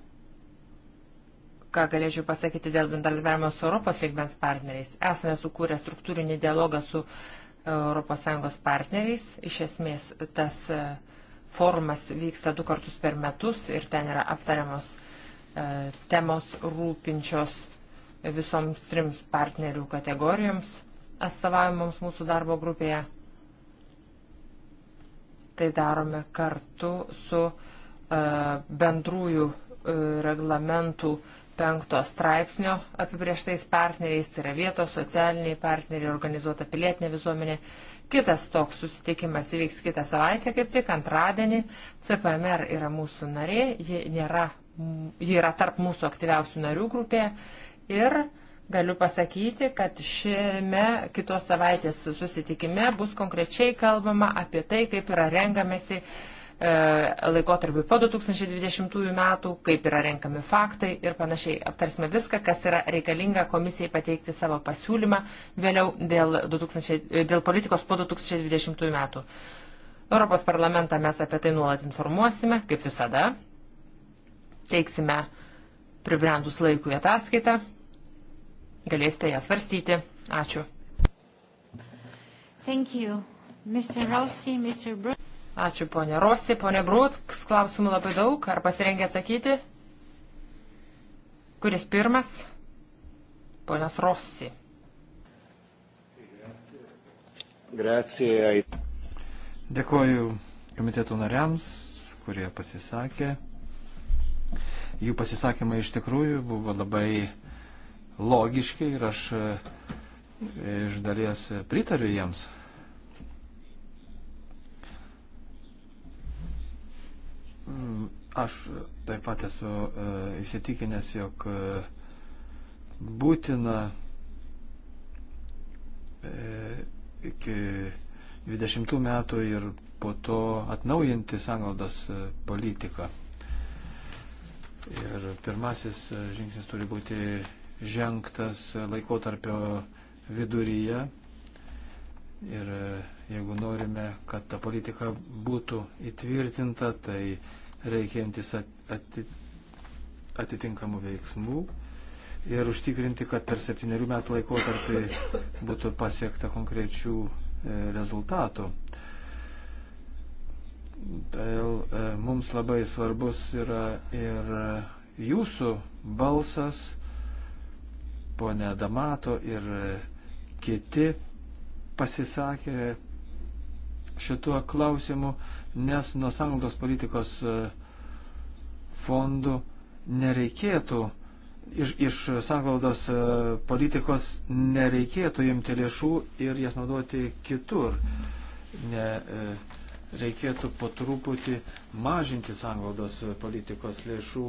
ką galėčiau pasakyti dėl bendradarbiavimo su Europos lygmens partneriais? Esame sukūrę struktūrinį dialogą su ES partneriais. Iš esmės, tas e, forumas vyksta du kartus per metus ir ten yra aptariamos e, temos rūpinčios visoms trims partnerių kategorijoms atstovavimams mūsų darbo grupėje. Tai darome kartu su uh, bendrųjų uh, reglamentų penkto straipsnio apibrieštais partneriais, tai yra vietos socialiniai partneriai, organizuota pilietinė visuomenė. Kitas toks susitikimas įvyks kitą savaitę, kaip tik antradienį. CPMR yra mūsų narė, ji, nėra, ji yra tarp mūsų aktyviausių narių grupėje ir uh, galiu pasakyti, kad šiame kitos savaitės susitikime bus konkrečiai kalbama apie tai, kaip yra rengamėsi e, laikotarpiu po 2020 metų, kaip yra renkami faktai ir panašiai. Aptarsime viską, kas yra reikalinga komisijai pateikti savo pasiūlymą vėliau dėl, 2000, e, dėl politikos po 2020 metų. Europos parlamentą mes apie tai nuolat informuosime, kaip visada. Teiksime pribrendus laikui ataskaitą galėsite ją svarstyti. Ačiū. Thank you. Mr. Rossi, Mr. Brooks. Ačiū, ponė Rossi, ponė Brooks. Klausimų labai daug. Ar pasirengę atsakyti? Kuris pirmas? Ponas Rossi. Grazie. Dėkuoju komitetų nariams, kurie pasisakė. Jų pasisakymai iš tikrųjų buvo labai logiški ir aš e, iš dalies e, pritariu jiems. Mm, aš taip pat esu e, įsitikinęs, jog būtina iki 20 metų ir po to atnaujinti sąnaudos politiką. Ir pirmasis žingsnis turi būti žengtas laikotarpio viduryje. Ir jeigu norime, kad ta politika būtų įtvirtinta, tai reikiantis atitinkamų veiksmų ir užtikrinti, kad per septyniarių metų laikotarpį būtų pasiekta konkrečių e, rezultatų. Todėl tai mums labai svarbus yra ir jūsų balsas ponė Damato ir kiti pasisakė šituo klausimu, nes nuo sąnaudos politikos e, fondų nereikėtų, iš, iš sąnaudos e, politikos nereikėtų imti lėšų ir jas naudoti kitur. Ne, e, reikėtų po truputį mažinti sąnaudos politikos lėšų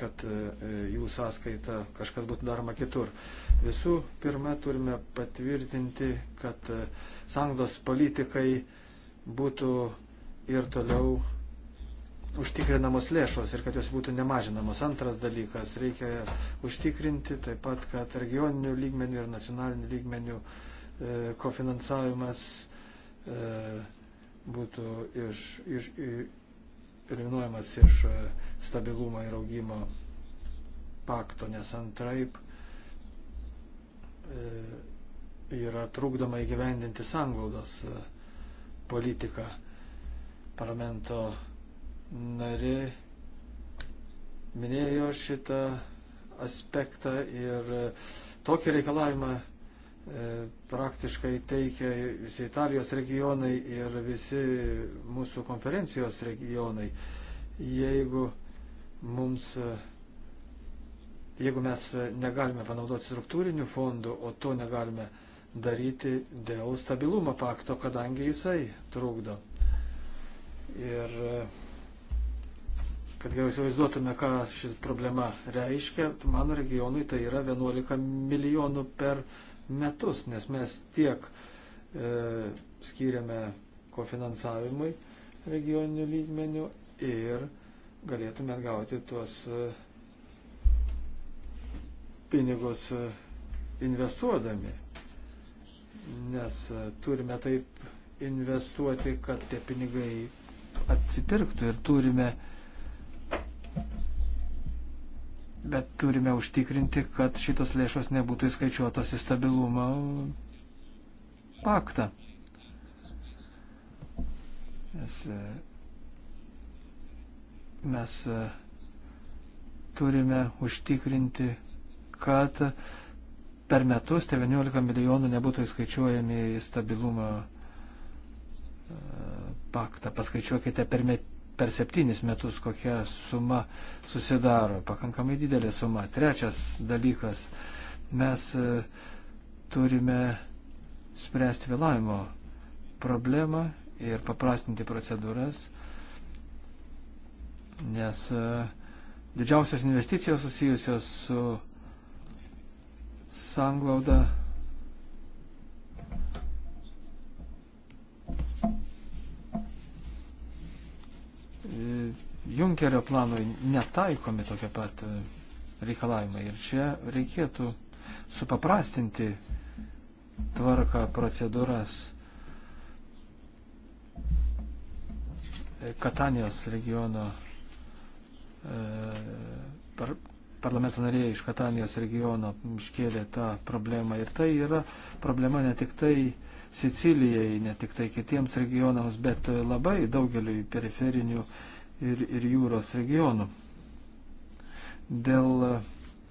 kad e, jų sąskaita kažkas būtų daroma kitur. Visų pirma, turime patvirtinti, kad e, sanglos politikai būtų ir toliau užtikrinamos lėšos ir kad jos būtų nemažinamos. Antras dalykas, reikia užtikrinti taip pat, kad regioninių lygmenių ir nacionalinių lygmenių e, kofinansavimas e, būtų iš, iš, iš eliminuojamas iš e, stabilumo ir augimo pakto, nes antraip e, yra trukdoma įgyvendinti sanglaudos e, politiką. Parlamento nari minėjo šitą aspektą ir tokį reikalavimą E, praktiškai teikia visi Italijos regionai ir visi mūsų konferencijos regionai. Jeigu, mums, e, jeigu mes negalime panaudoti struktūrinių fondų, o to negalime daryti dėl stabilumo pakto, kadangi jisai trukdo. Ir e, kad geriau įsivaizduotume, ką ši problema reiškia, mano regionui tai yra 11 milijonų per metus metus, nes mes tiek e, skiriame kofinansavimui regioninių lygmenių ir galėtume gauti tuos e, pinigus e, investuodami, nes e, turime taip investuoti, kad tie pinigai atsipirktų ir turime e, bet turime užtikrinti, kad šitos lėšos nebūtų įskaičiuotas į stabilumo paktą. Nes e, mes e, turime užtikrinti, kad per metus tie 11 milijonų nebūtų įskaičiuojami į stabilumo e, paktą. Paskaičiuokite per metus per septynis metus kokia suma susidaro, pakankamai didelė suma. Trečias dalykas, mes e, turime spręsti vėlavimo problemą ir paprastinti procedūras, nes e, didžiausios investicijos susijusios su sanglauda Junkerio planui netaikomi tokie pat e, reikalavimai. Ir čia reikėtų supaprastinti tvarką, procedūras. E, Katanijos regiono e, par, parlamento nariai iš Katanijos regiono iškėlė tą problemą. Ir tai yra problema ne tik tai Sicilijai, ne tik tai kitiems regionams, bet labai daugeliu periferinių ir, ir jūros regionų. Dėl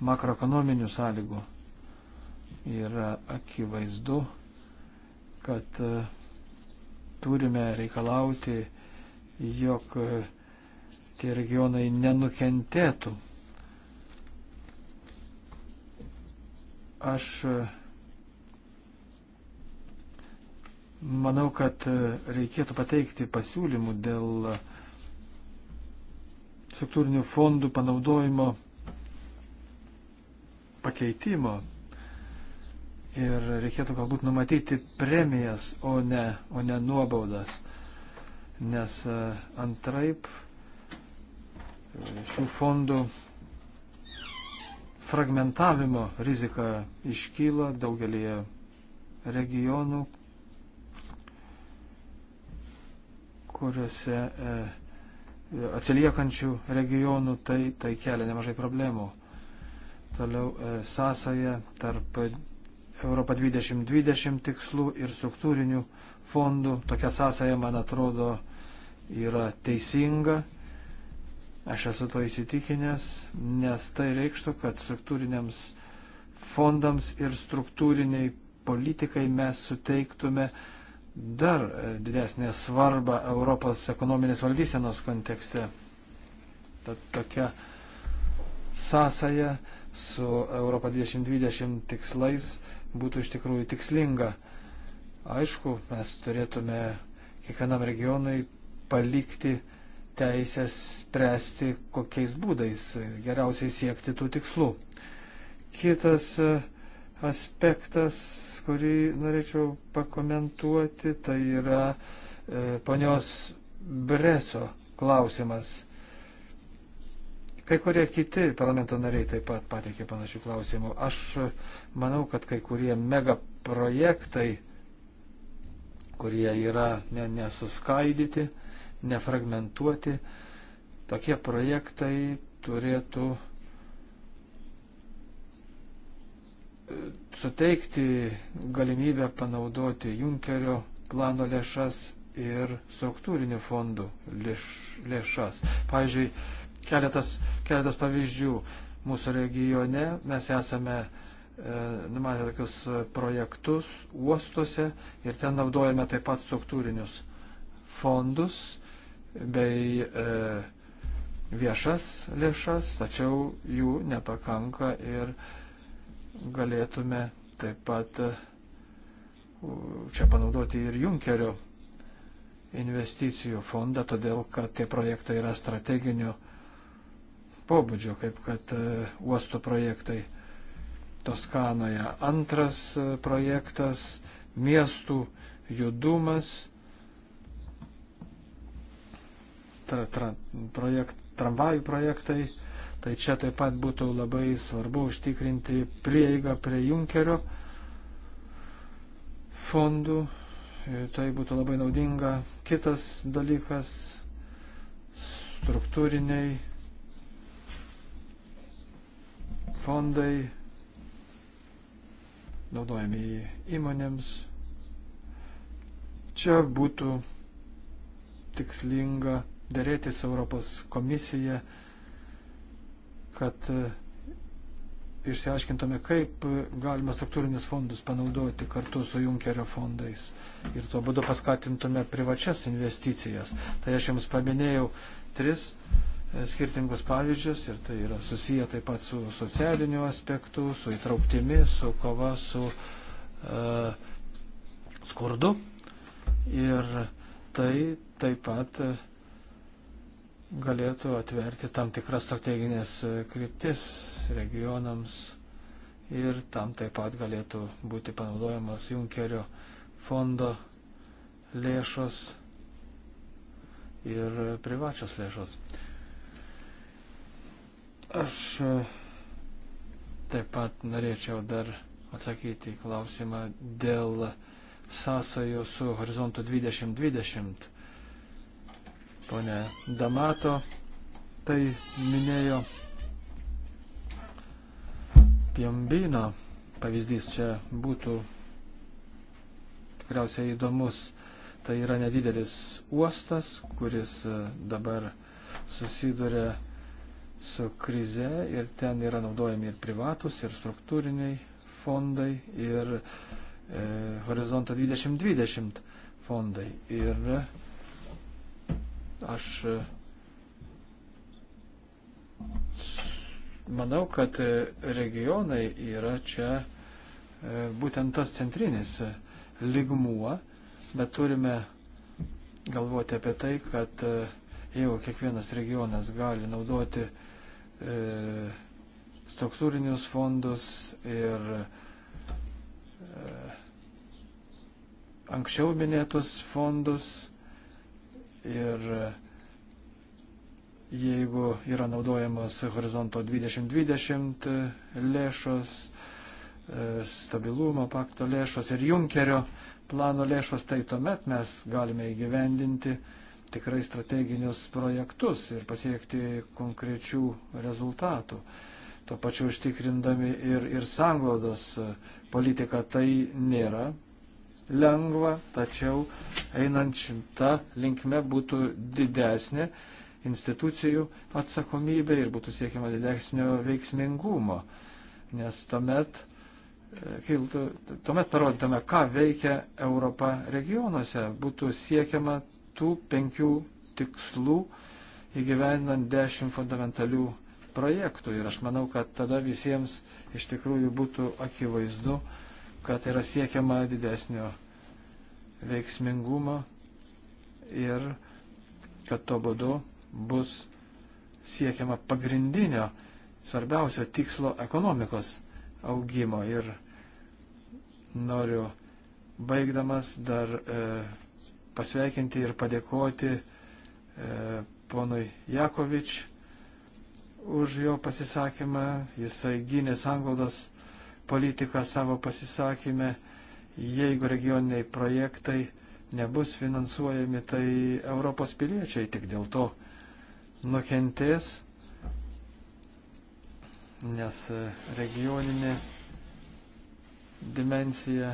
makroekonominių sąlygų yra akivaizdu, kad e, turime reikalauti, jog e, tie regionai nenukentėtų. Aš e, Manau, kad e, reikėtų pateikti pasiūlymų dėl struktūrinių fondų panaudojimo pakeitimo. Ir reikėtų galbūt numatyti premijas, o ne, o ne nuobaudas. Nes e, antraip e, šių fondų fragmentavimo rizika iškyla daugelį regionų, kuriuose e, atsiliekančių regionų, tai, tai kelia nemažai problemų. Toliau e, sąsaja tarp Europa 2020 tikslų ir struktūrinių fondų. Tokia sąsaja, man atrodo, yra teisinga. Aš esu to įsitikinęs, nes tai reikštų, kad struktūriniams fondams ir struktūriniai politikai mes suteiktume uh, dar e, didesnę svarbą Europos ekonominės valdysenos kontekste. Tad tokia sąsaja su Europa 2020 tikslais būtų iš tikrųjų tikslinga. Aišku, mes turėtume kiekvienam regionui palikti teisę spręsti, kokiais būdais geriausiai siekti tų tikslų. Kitas e, aspektas, kurį norėčiau pakomentuoti, tai yra e, ponios Breso klausimas. Kai kurie kiti parlamento nariai taip pat pateikė panašių klausimų. Aš manau, kad kai kurie megaprojektai, kurie yra ne, nesuskaidyti, nefragmentuoti, tokie projektai turėtų suteikti galimybę panaudoti Junkerio plano lėšas ir struktūrinių fondų lėš, lėšas. Pavyzdžiui, keletas, keletas pavyzdžių. Mūsų regione mes esame e, numatę tokius projektus uostuose ir ten naudojame taip pat struktūrinius fondus bei e, viešas lėšas, tačiau jų nepakanka ir e, galėtume taip pat e, čia panaudoti ir Junkerio investicijų fondą, todėl kad tie projektai yra strateginio pobūdžio, kaip kad e, uosto projektai Toskanoje. Antras e, projektas - miestų judumas, tra, tra, projekt, tramvajų projektai Tai čia taip pat būtų labai svarbu užtikrinti prieigą prie Junkerio fondų. Tai būtų labai naudinga. Kitas dalykas - struktūriniai fondai naudojami įmonėms. Čia būtų tikslinga dėrėtis Europos komisija kad e, išsiaiškintume, kaip e, galima struktūrinius fondus panaudoti kartu su Junkerio fondais ir tuo būdu paskatintume privačias investicijas. Tai aš jums paminėjau tris e, skirtingus pavyzdžius ir tai yra susiję taip pat su socialiniu aspektu, su įtrauktimi, su kova su uh, skurdu. Ir tai taip pat uh, galėtų atverti tam tikras strateginės kryptis regionams ir tam taip pat galėtų būti panaudojamas Junkerio fondo lėšos ir privačios lėšos. Aš e, taip pat norėčiau dar atsakyti į klausimą dėl sąsajų su Horizontu 2020 ponė Damato tai minėjo. Pjambino pavyzdys čia būtų tikriausiai įdomus. Tai yra nedidelis uostas, kuris e, dabar susiduria su krize ir ten yra naudojami ir privatus, ir struktūriniai fondai, ir e, Horizonto 2020 fondai. Ir Aš e, manau, kad regionai yra čia e, būtent tas centrinis e, ligmuo, bet turime galvoti apie tai, kad jeigu kiekvienas regionas gali naudoti struktūrinius fondus ir anksčiau minėtus fondus, ir e, jeigu yra naudojamos horizonto 2020 e, lėšos, e, stabilumo pakto lėšos ir Junkerio plano lėšos, tai tuomet mes galime įgyvendinti tikrai strateginius projektus ir pasiekti konkrečių rezultatų. Tuo pačiu užtikrindami ir, ir sanglaudos politiką tai nėra lengva, tačiau einant šimta linkme būtų didesnė institucijų atsakomybė ir būtų siekiama didesnio veiksmingumo, nes tuomet, e, kiltų, tuomet parodytume, ką veikia Europa regionuose, būtų siekiama tų penkių tikslų įgyvendinant dešimt fundamentalių projektų ir aš manau, kad tada visiems iš tikrųjų būtų akivaizdu, kad yra siekiama didesnio veiksmingumo ir kad tuo būdu bus siekiama pagrindinio, svarbiausio tikslo ekonomikos augimo. Ir noriu baigdamas dar e, pasveikinti ir padėkoti e, ponui Jakovič už jo pasisakymą. Jisai gynė sanglaudos politiką savo pasisakymę. Jeigu regioniniai projektai nebus finansuojami, tai Europos piliečiai tik dėl to nukentės, nes e, regioninė dimensija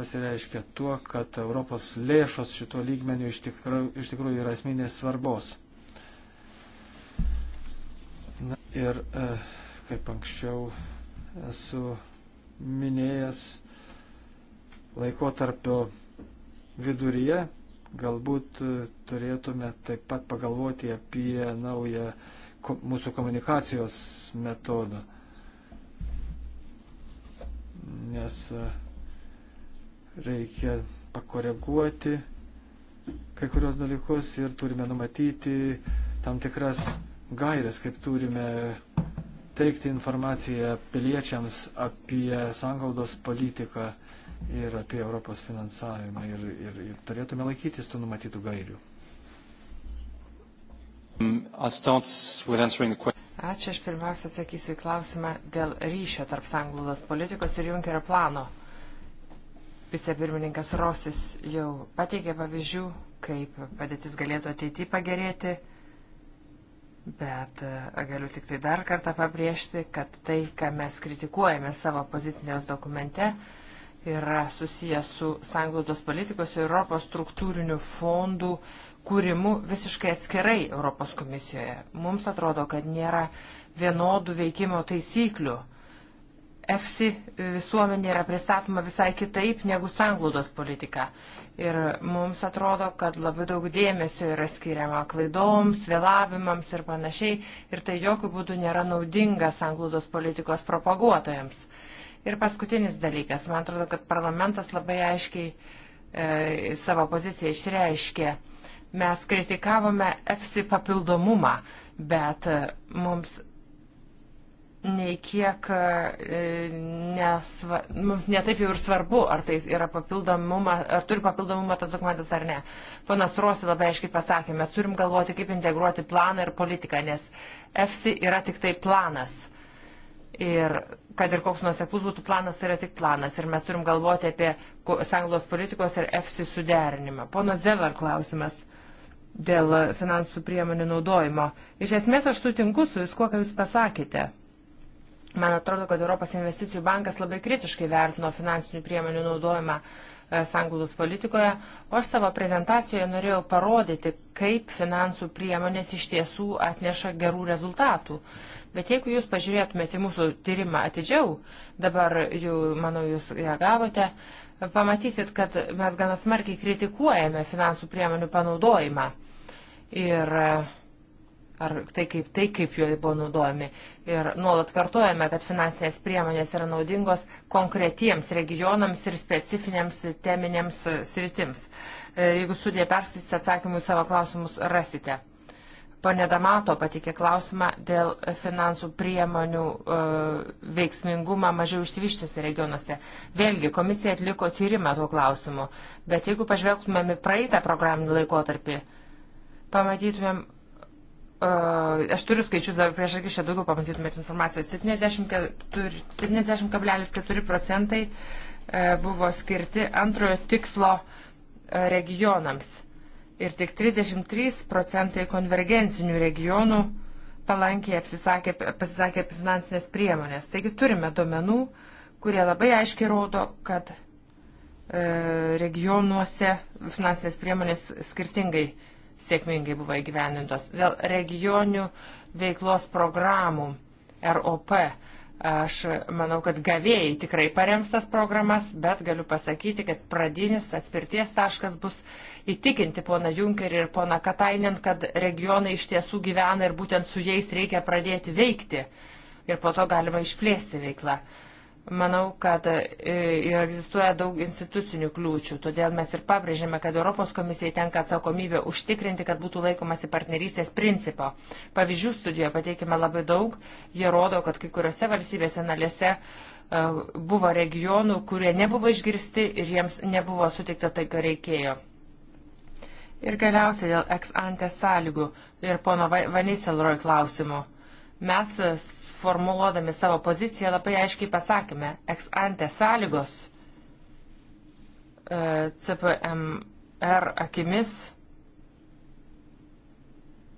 pasireiškia tuo, kad Europos lėšos šito lygmenio iš tikrųjų, iš tikrųjų yra esminės svarbos. Na, ir e, kaip anksčiau esu minėjęs laikotarpio viduryje, galbūt e, turėtume taip pat pagalvoti apie naują mūsų komunikacijos metodą. Nes e, reikia pakoreguoti kai kurios dalykus ir turime numatyti tam tikras gairias, kaip turime teikti informaciją piliečiams apie sangaldos politiką ir apie Europos finansavimą ir, ir, ir turėtume laikytis tų numatytų gairių. Um, Ačiū, aš pirmiausia atsakysiu į klausimą dėl ryšio tarp sanglaudos politikos ir Junkerio plano. Vicepirmininkas Rosis jau pateikė pavyzdžių, kaip padėtis galėtų ateityje pagerėti Bet e, galiu tik tai dar kartą pabrėžti, kad tai, ką mes kritikuojame savo pozicinės dokumente, yra susijęs su sanglaudos politikos ir Europos struktūrinių fondų kūrimu visiškai atskirai Europos komisijoje. Mums atrodo, kad nėra vienodų veikimo taisyklių. EFSI visuomenė yra pristatoma visai kitaip negu sanglaudos politika. Ir mums atrodo, kad labai daug dėmesio yra skiriama klaidoms, vėlavimams ir panašiai, ir tai jokių būdų nėra naudinga sanglaudos politikos propaguotojams. Ir paskutinis dalykas, man atrodo, kad parlamentas labai aiškiai e, savo poziciją išreiškė. Mes kritikavome EFSI papildomumą, bet e, mums nei kiek e, nesva, mums netaip jau ir svarbu, ar tai yra papildomumą, ar turi papildomumą tas dokumentas ar ne. Ponas Rosi labai aiškiai pasakė, mes turim galvoti, kaip integruoti planą ir politiką, nes EFSI yra tik tai planas. Ir kad ir koks nuoseklus būtų planas, tai yra tik planas. Ir mes turim galvoti apie sąjungos politikos ir EFSI suderinimą. Pono Zeller klausimas dėl finansų priemonių naudojimo. Iš esmės aš sutinku su viskuo, ką Jūs pasakėte. Man atrodo, kad Europos investicijų bankas labai kritiškai vertino finansinių priemonių naudojimą e, sanglūdos politikoje, o aš savo prezentacijoje norėjau parodyti, kaip finansų priemonės iš tiesų atneša gerų rezultatų. Bet jeigu jūs pažiūrėtumėte mūsų tyrimą atidžiau, dabar jau, manau, jūs ją gavote, pamatysit, kad mes gana smarkiai kritikuojame finansų priemonių panaudojimą. Ir uh, ar tai kaip, tai kaip jo buvo naudojami. Ir nuolat kartojame, kad finansinės priemonės yra naudingos konkretiems regionams ir specifinėms teminėms e, sritims. E, jeigu sudė persistys atsakymų į savo klausimus, rasite. Pane Damato patikė klausimą dėl finansų priemonių e, veiksmingumą mažiau išsivyščiuose regionuose. Vėlgi, komisija atliko tyrimą tuo klausimu, bet jeigu pažvelgtumėm į praeitą programinį laikotarpį, pamatytumėm aš turiu skaičius dar prieš akis, čia daugiau pamatytumėt informacijos. 70,4 procentai e, buvo skirti antrojo tikslo e, regionams ir tik 33 procentai konvergencinių regionų palankiai apsisakė, pasisakė apie finansinės priemonės. Taigi turime duomenų, kurie labai aiškiai rodo, kad e, regionuose finansinės priemonės skirtingai sėkmingai buvo įgyvenintos. Dėl regionių veiklos programų ROP aš manau, kad gavėjai tikrai parems tas programas, bet galiu pasakyti, kad pradinis atspirties taškas bus įtikinti pona Junkerį ir pona Katainen, kad regionai iš tiesų gyvena ir būtent su jais reikia pradėti veikti. Ir po to galima išplėsti veiklą. Manau, kad e, egzistuoja daug institucinių kliūčių, todėl mes ir pabrėžėme, kad Europos komisijai tenka atsakomybė užtikrinti, kad būtų laikomasi partnerystės principo. Pavyzdžių studijoje pateikime labai daug, jie rodo, kad kai kuriuose valstybėse analėse e, buvo regionų, kurie nebuvo išgirsti ir jiems nebuvo suteikta tai, ką reikėjo. Ir galiausiai dėl ex ante sąlygų ir pono Vaniselroj klausimų. Mes formuluodami savo poziciją labai aiškiai pasakėme, ex ante sąlygos e, CPMR akimis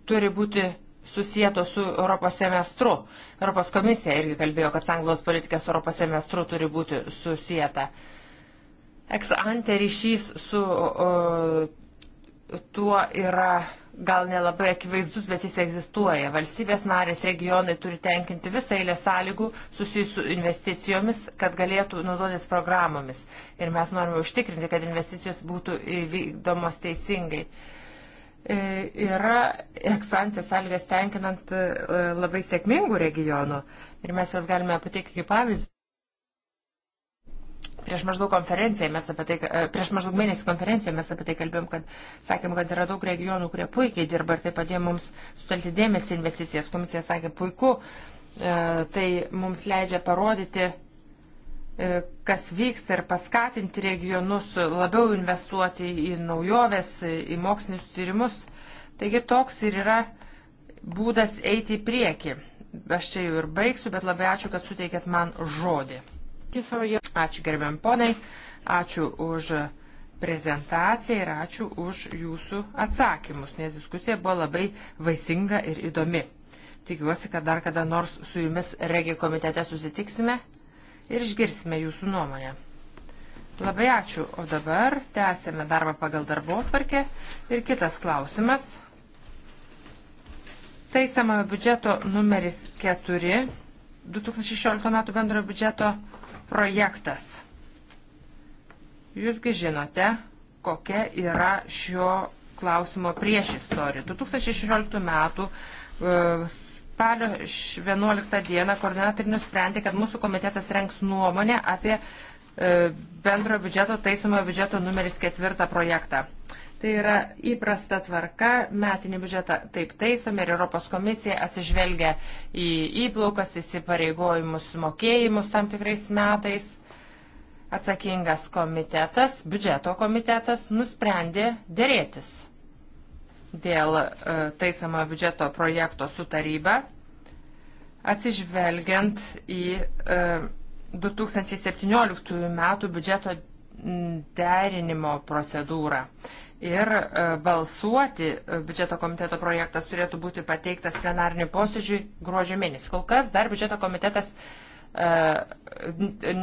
turi būti susijęto su Europos semestru. Europos komisija irgi kalbėjo, kad sanglos politika su Europos semestru turi būti susijęta. Ex ante ryšys su uh, tuo yra gal nelabai akivaizdus, bet jis egzistuoja. Valstybės narės regionai turi tenkinti visą eilę sąlygų susijusių investicijomis, kad galėtų naudotis programomis. Ir mes norime užtikrinti, kad investicijos būtų vykdomos teisingai. E, yra eksantės sąlygas tenkinant e, labai sėkmingų regionų ir mes juos galime pateikti kaip pavyzdį prieš maždaug konferenciją mes apie tai, e, prieš maždaug mėnesį konferenciją mes apie tai kalbėjom, kad sakėm, kad yra daug regionų, kurie puikiai dirba ir tai padėjo mums sutelti dėmesį investicijas. Komisija sakė, puiku, e, tai mums leidžia parodyti, e, kas vyksta ir paskatinti regionus labiau investuoti į naujoves, į mokslinius tyrimus. Taigi toks ir yra būdas eiti į priekį. Aš čia jau ir baigsiu, bet labai ačiū, kad suteikėt man žodį. Ačiū gerbiam ponai, ačiū už prezentaciją ir ačiū už jūsų atsakymus, nes diskusija buvo labai vaisinga ir įdomi. Tikiuosi, kad dar kada nors su jumis regi komitete susitiksime ir išgirsime jūsų nuomonę. Labai ačiū. O dabar tęsėme darbą pagal darbo atvarkę. Ir kitas klausimas. Taisamojo biudžeto numeris 4 2016 metų bendrojo biudžeto projektas. Jūsgi žinote, kokia yra šio klausimo priešistorija. 2016 metų e, spalio 11 dieną koordinatoriai nusprendė, kad mūsų komitetas renks nuomonę apie e, bendrojo biudžeto taisomojo biudžeto numeris ketvirtą projektą. Tai yra įprasta tvarka, metinį biudžetą taip taisom ir Europos komisija atsižvelgia į įplaukas, įsipareigojimus, mokėjimus tam tikrais metais. Atsakingas komitetas, biudžeto komitetas nusprendė dėrėtis dėl e, taisamojo biudžeto projekto su taryba, atsižvelgiant į 2017 e, metų biudžeto derinimo procedūrą ir e, balsuoti e, biudžeto komiteto projektas turėtų būti pateiktas plenarniui posėdžiui gruodžio mėnesį. Kol kas dar biudžeto komitetas e,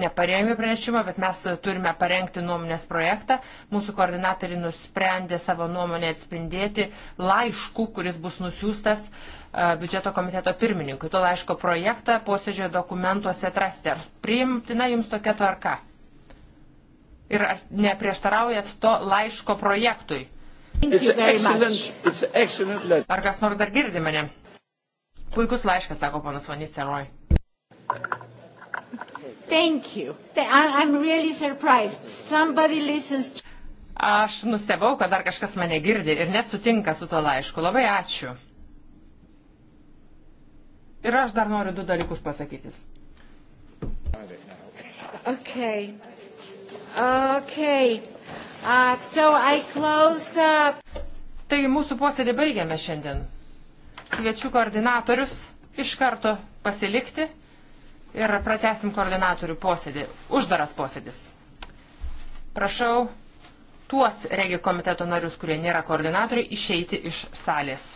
neparengė pranešimą, bet mes turime parengti nuomonės projektą. Mūsų koordinatoriai nusprendė savo nuomonę atspindėti laišku, kuris bus nusiųstas biudžeto komiteto pirmininkui. To laiško projektą posėdžio dokumentuose atrasti. Ar priimtina jums tokia tvarka? ir ar neprieštaraujat to laiško projektui? Ar kas nors dar girdi mane? Puikus laiškas, sako ponas Vanys Seroj. Really Aš nustebau, kad dar kažkas mane girdi ir net sutinka su to laišku. Labai ačiū. Ir aš dar noriu du dalykus pasakyti. Okay. Okay. Uh, so I close up. Taigi mūsų posėdį baigiame šiandien. Kviečiu koordinatorius iš karto pasilikti ir pratesim koordinatorių posėdį. Uždaras posėdis. Prašau tuos regi komiteto narius, kurie nėra koordinatoriai, išeiti iš salės.